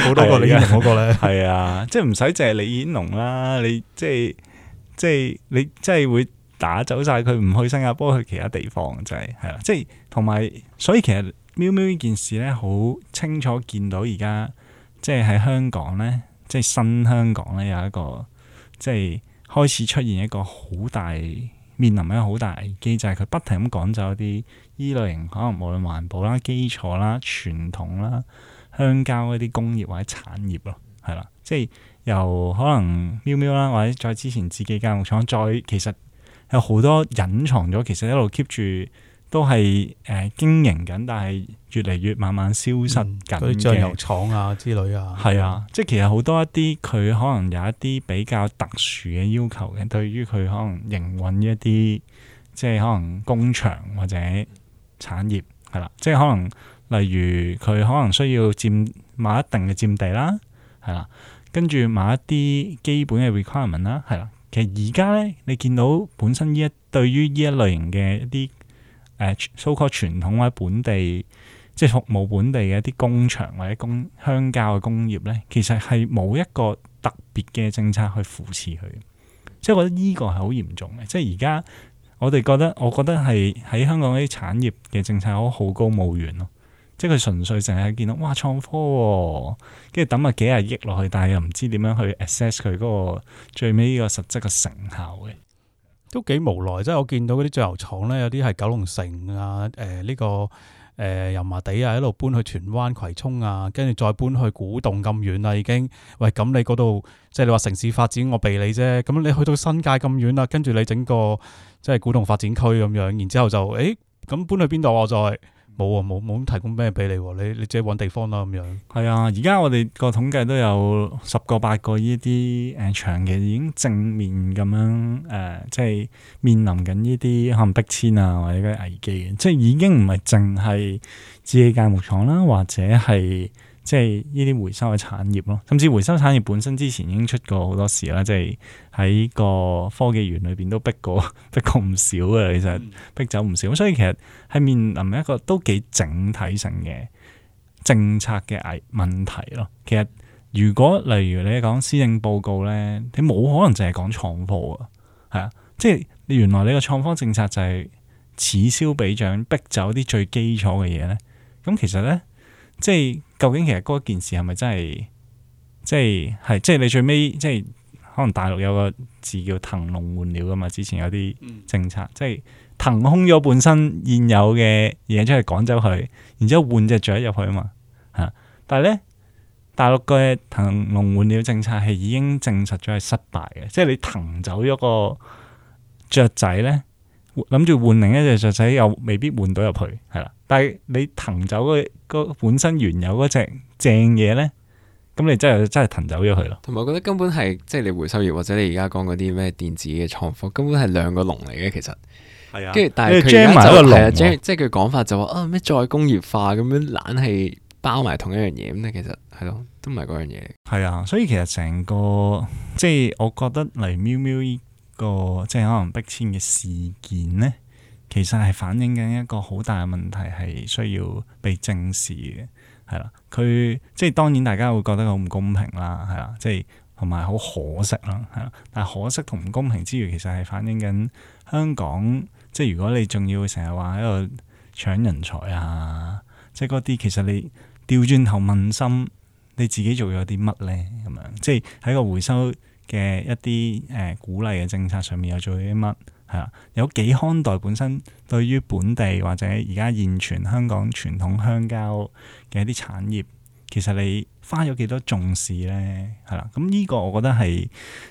好多個李顯龍嗰個咧，係啊，即係唔使淨係李顯龍啦，你即係即係你即係會。打走晒佢唔去新加坡去其他地方，就係、是，係啦，即係同埋，所以其實喵喵呢件事咧，好清楚見到而家即係喺香港咧，即係新香港咧有一個即係開始出現一個好大面臨一個好大危機制，就係、是、佢不停咁趕走啲依類型可能無論環保啦、基礎啦、傳統啦、香蕉嗰啲工業或者產業咯，係啦，即係由可能喵喵啦，或者再之前自己間木廠再其實。有好多隱藏咗，其實一路 keep 住都係誒、呃、經營緊，但係越嚟越慢慢消失緊。啲、嗯、醬油廠啊之類啊，係啊，嗯、即係其實好多一啲佢可能有一啲比較特殊嘅要求嘅，對於佢可能營運一啲，即係可能工場或者產業係啦、啊，即係可能例如佢可能需要佔買一定嘅佔地啦，係啦、啊，跟住買一啲基本嘅 requirement 啦、啊，係啦、啊。其實而家咧，你見到本身呢一對於呢一類型嘅一啲誒，呃，所謂傳統或者本地即係服務本地嘅一啲工場或者工鄉郊嘅工業咧，其實係冇一個特別嘅政策去扶持佢，即係我覺得呢個係好嚴重嘅。即係而家我哋覺得，我覺得係喺香港啲產業嘅政策好好高騖遠咯。即係佢純粹成日見到，哇！創科、哦，跟住抌埋幾廿億落去，但係又唔知點樣去 assess 佢嗰、那個最尾依個實質嘅成效嘅，都幾無奈。即係我見到嗰啲醬油廠呢，有啲係九龍城啊，誒、呃、呢、這個誒、呃、油麻地啊，一路搬去荃灣葵涌啊，跟住再搬去古洞咁遠啦已經。喂，咁你嗰度即係你話城市發展，我避你啫。咁你去到新界咁遠啦，跟住你整個即係古洞發展區咁樣，然之後就誒咁搬去邊度啊？我再冇啊，冇冇咁提供咩俾你喎？你你自己揾地方啦咁樣。係啊，而家我哋個統計都有十個八個呢啲誒廠嘅已經正面咁樣誒，即係面臨緊呢啲可能逼遷啊或者嘅危機嘅，即係已經唔係淨係自己間木廠啦，或者係。即係呢啲回收嘅產業咯，甚至回收產業本身之前已經出過好多事啦，即係喺個科技園裏邊都逼過逼過唔少嘅，其實逼走唔少。所以其實係面臨一個都幾整體性嘅政策嘅危問題咯。其實如果例如你講施政報告咧，你冇可能淨係講創科啊，係啊，即係原來你個創科政策就係此消彼長，逼走啲最基礎嘅嘢咧。咁其實咧，即係。究竟其實嗰件事係咪真係，即係係即係你最尾即係可能大陸有個字叫騰籠換鳥噶嘛，之前有啲政策、嗯、即係騰空咗本身現有嘅嘢出去趕走去，然之後換隻雀入去嘛啊嘛吓，但係咧大陸嘅騰籠換鳥政策係已經證實咗係失敗嘅，即係你騰走咗個雀仔咧。諗住換另一隻雀仔，又未必換到入去，係啦。但係你騰走本身原有嗰隻正嘢呢，咁你真係真係騰走咗佢咯。同埋我覺得根本係即係你回收業或者你而家講嗰啲咩電子嘅創科，根本係兩個籠嚟嘅，其實係啊。跟住但係佢係即係佢講法就話啊咩再工業化咁樣，懶樣，懶係包埋同一樣嘢咁其實係咯，都唔係嗰樣嘢。係啊，所以其實成個即係、就是、我覺得嚟喵喵。個即係可能逼遷嘅事件咧，其實係反映緊一個好大嘅問題，係需要被正視嘅，係啦。佢即係當然大家會覺得好唔公平啦，係啦，即係同埋好可惜啦，係啦。但係可惜同唔公平之餘，其實係反映緊香港，即係如果你仲要成日話喺度搶人才啊，即係嗰啲，其實你掉轉頭問心，你自己做咗啲乜咧？咁樣即係喺個回收。嘅一啲誒、呃、鼓勵嘅政策上面有做啲乜係啦？有幾看待本身對於本地或者而家現存香港傳統鄉郊嘅一啲產業，其實你花咗幾多重視咧？係啦，咁呢個我覺得係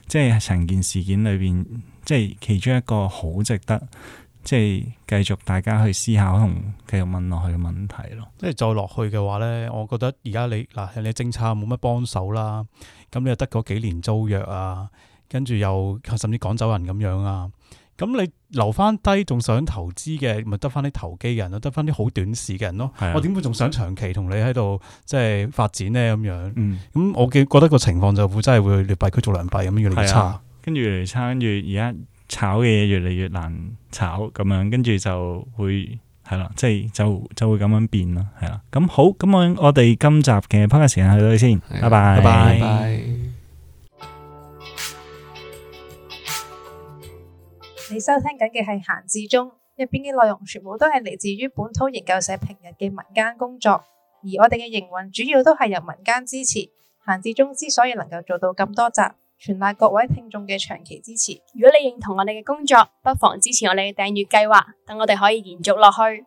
即係成件事件裏邊，即係其中一個好值得。即係繼續大家去思考同繼續問落去嘅問題咯。即係再落去嘅話咧，我覺得而家你嗱、啊、你政策冇乜幫手啦，咁你又得嗰幾年租約啊，跟住又甚至趕走人咁樣啊，咁你留翻低仲想投資嘅，咪得翻啲投機嘅人、人咯，得翻啲好短視嘅人咯。我點會仲想長期同你喺度即係發展咧咁樣？嗯。咁我嘅覺得個情況就會真係會劣幣驅逐良幣咁樣越嚟越差。跟住嚟差，跟住而家。炒嘅嘢越嚟越難炒咁樣，跟住就會係啦，即係就就會咁樣變咯，係啦。咁好，咁我我哋今集嘅分享係到呢度先，拜拜拜拜。你收聽緊嘅係閒置中，入邊嘅內容全部都係嚟自於本土研究社平日嘅民間工作，而我哋嘅營運主要都係由民間支持。閒置中之所以能夠做到咁多集。全賴各位聽眾嘅長期支持，如果你認同我哋嘅工作，不妨支持我哋嘅訂閱計劃，等我哋可以延續落去。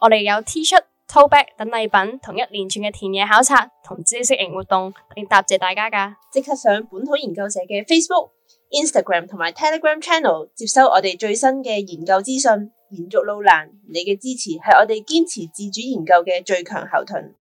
我哋有 T 恤、tote bag 等禮品，同一連串嘅田野考察同知識型活動，嚟答謝大家噶。即刻上本土研究社嘅 Facebook、Instagram 同埋 Telegram Channel，接收我哋最新嘅研究資訊。延續路難，你嘅支持係我哋堅持自主研究嘅最強後盾。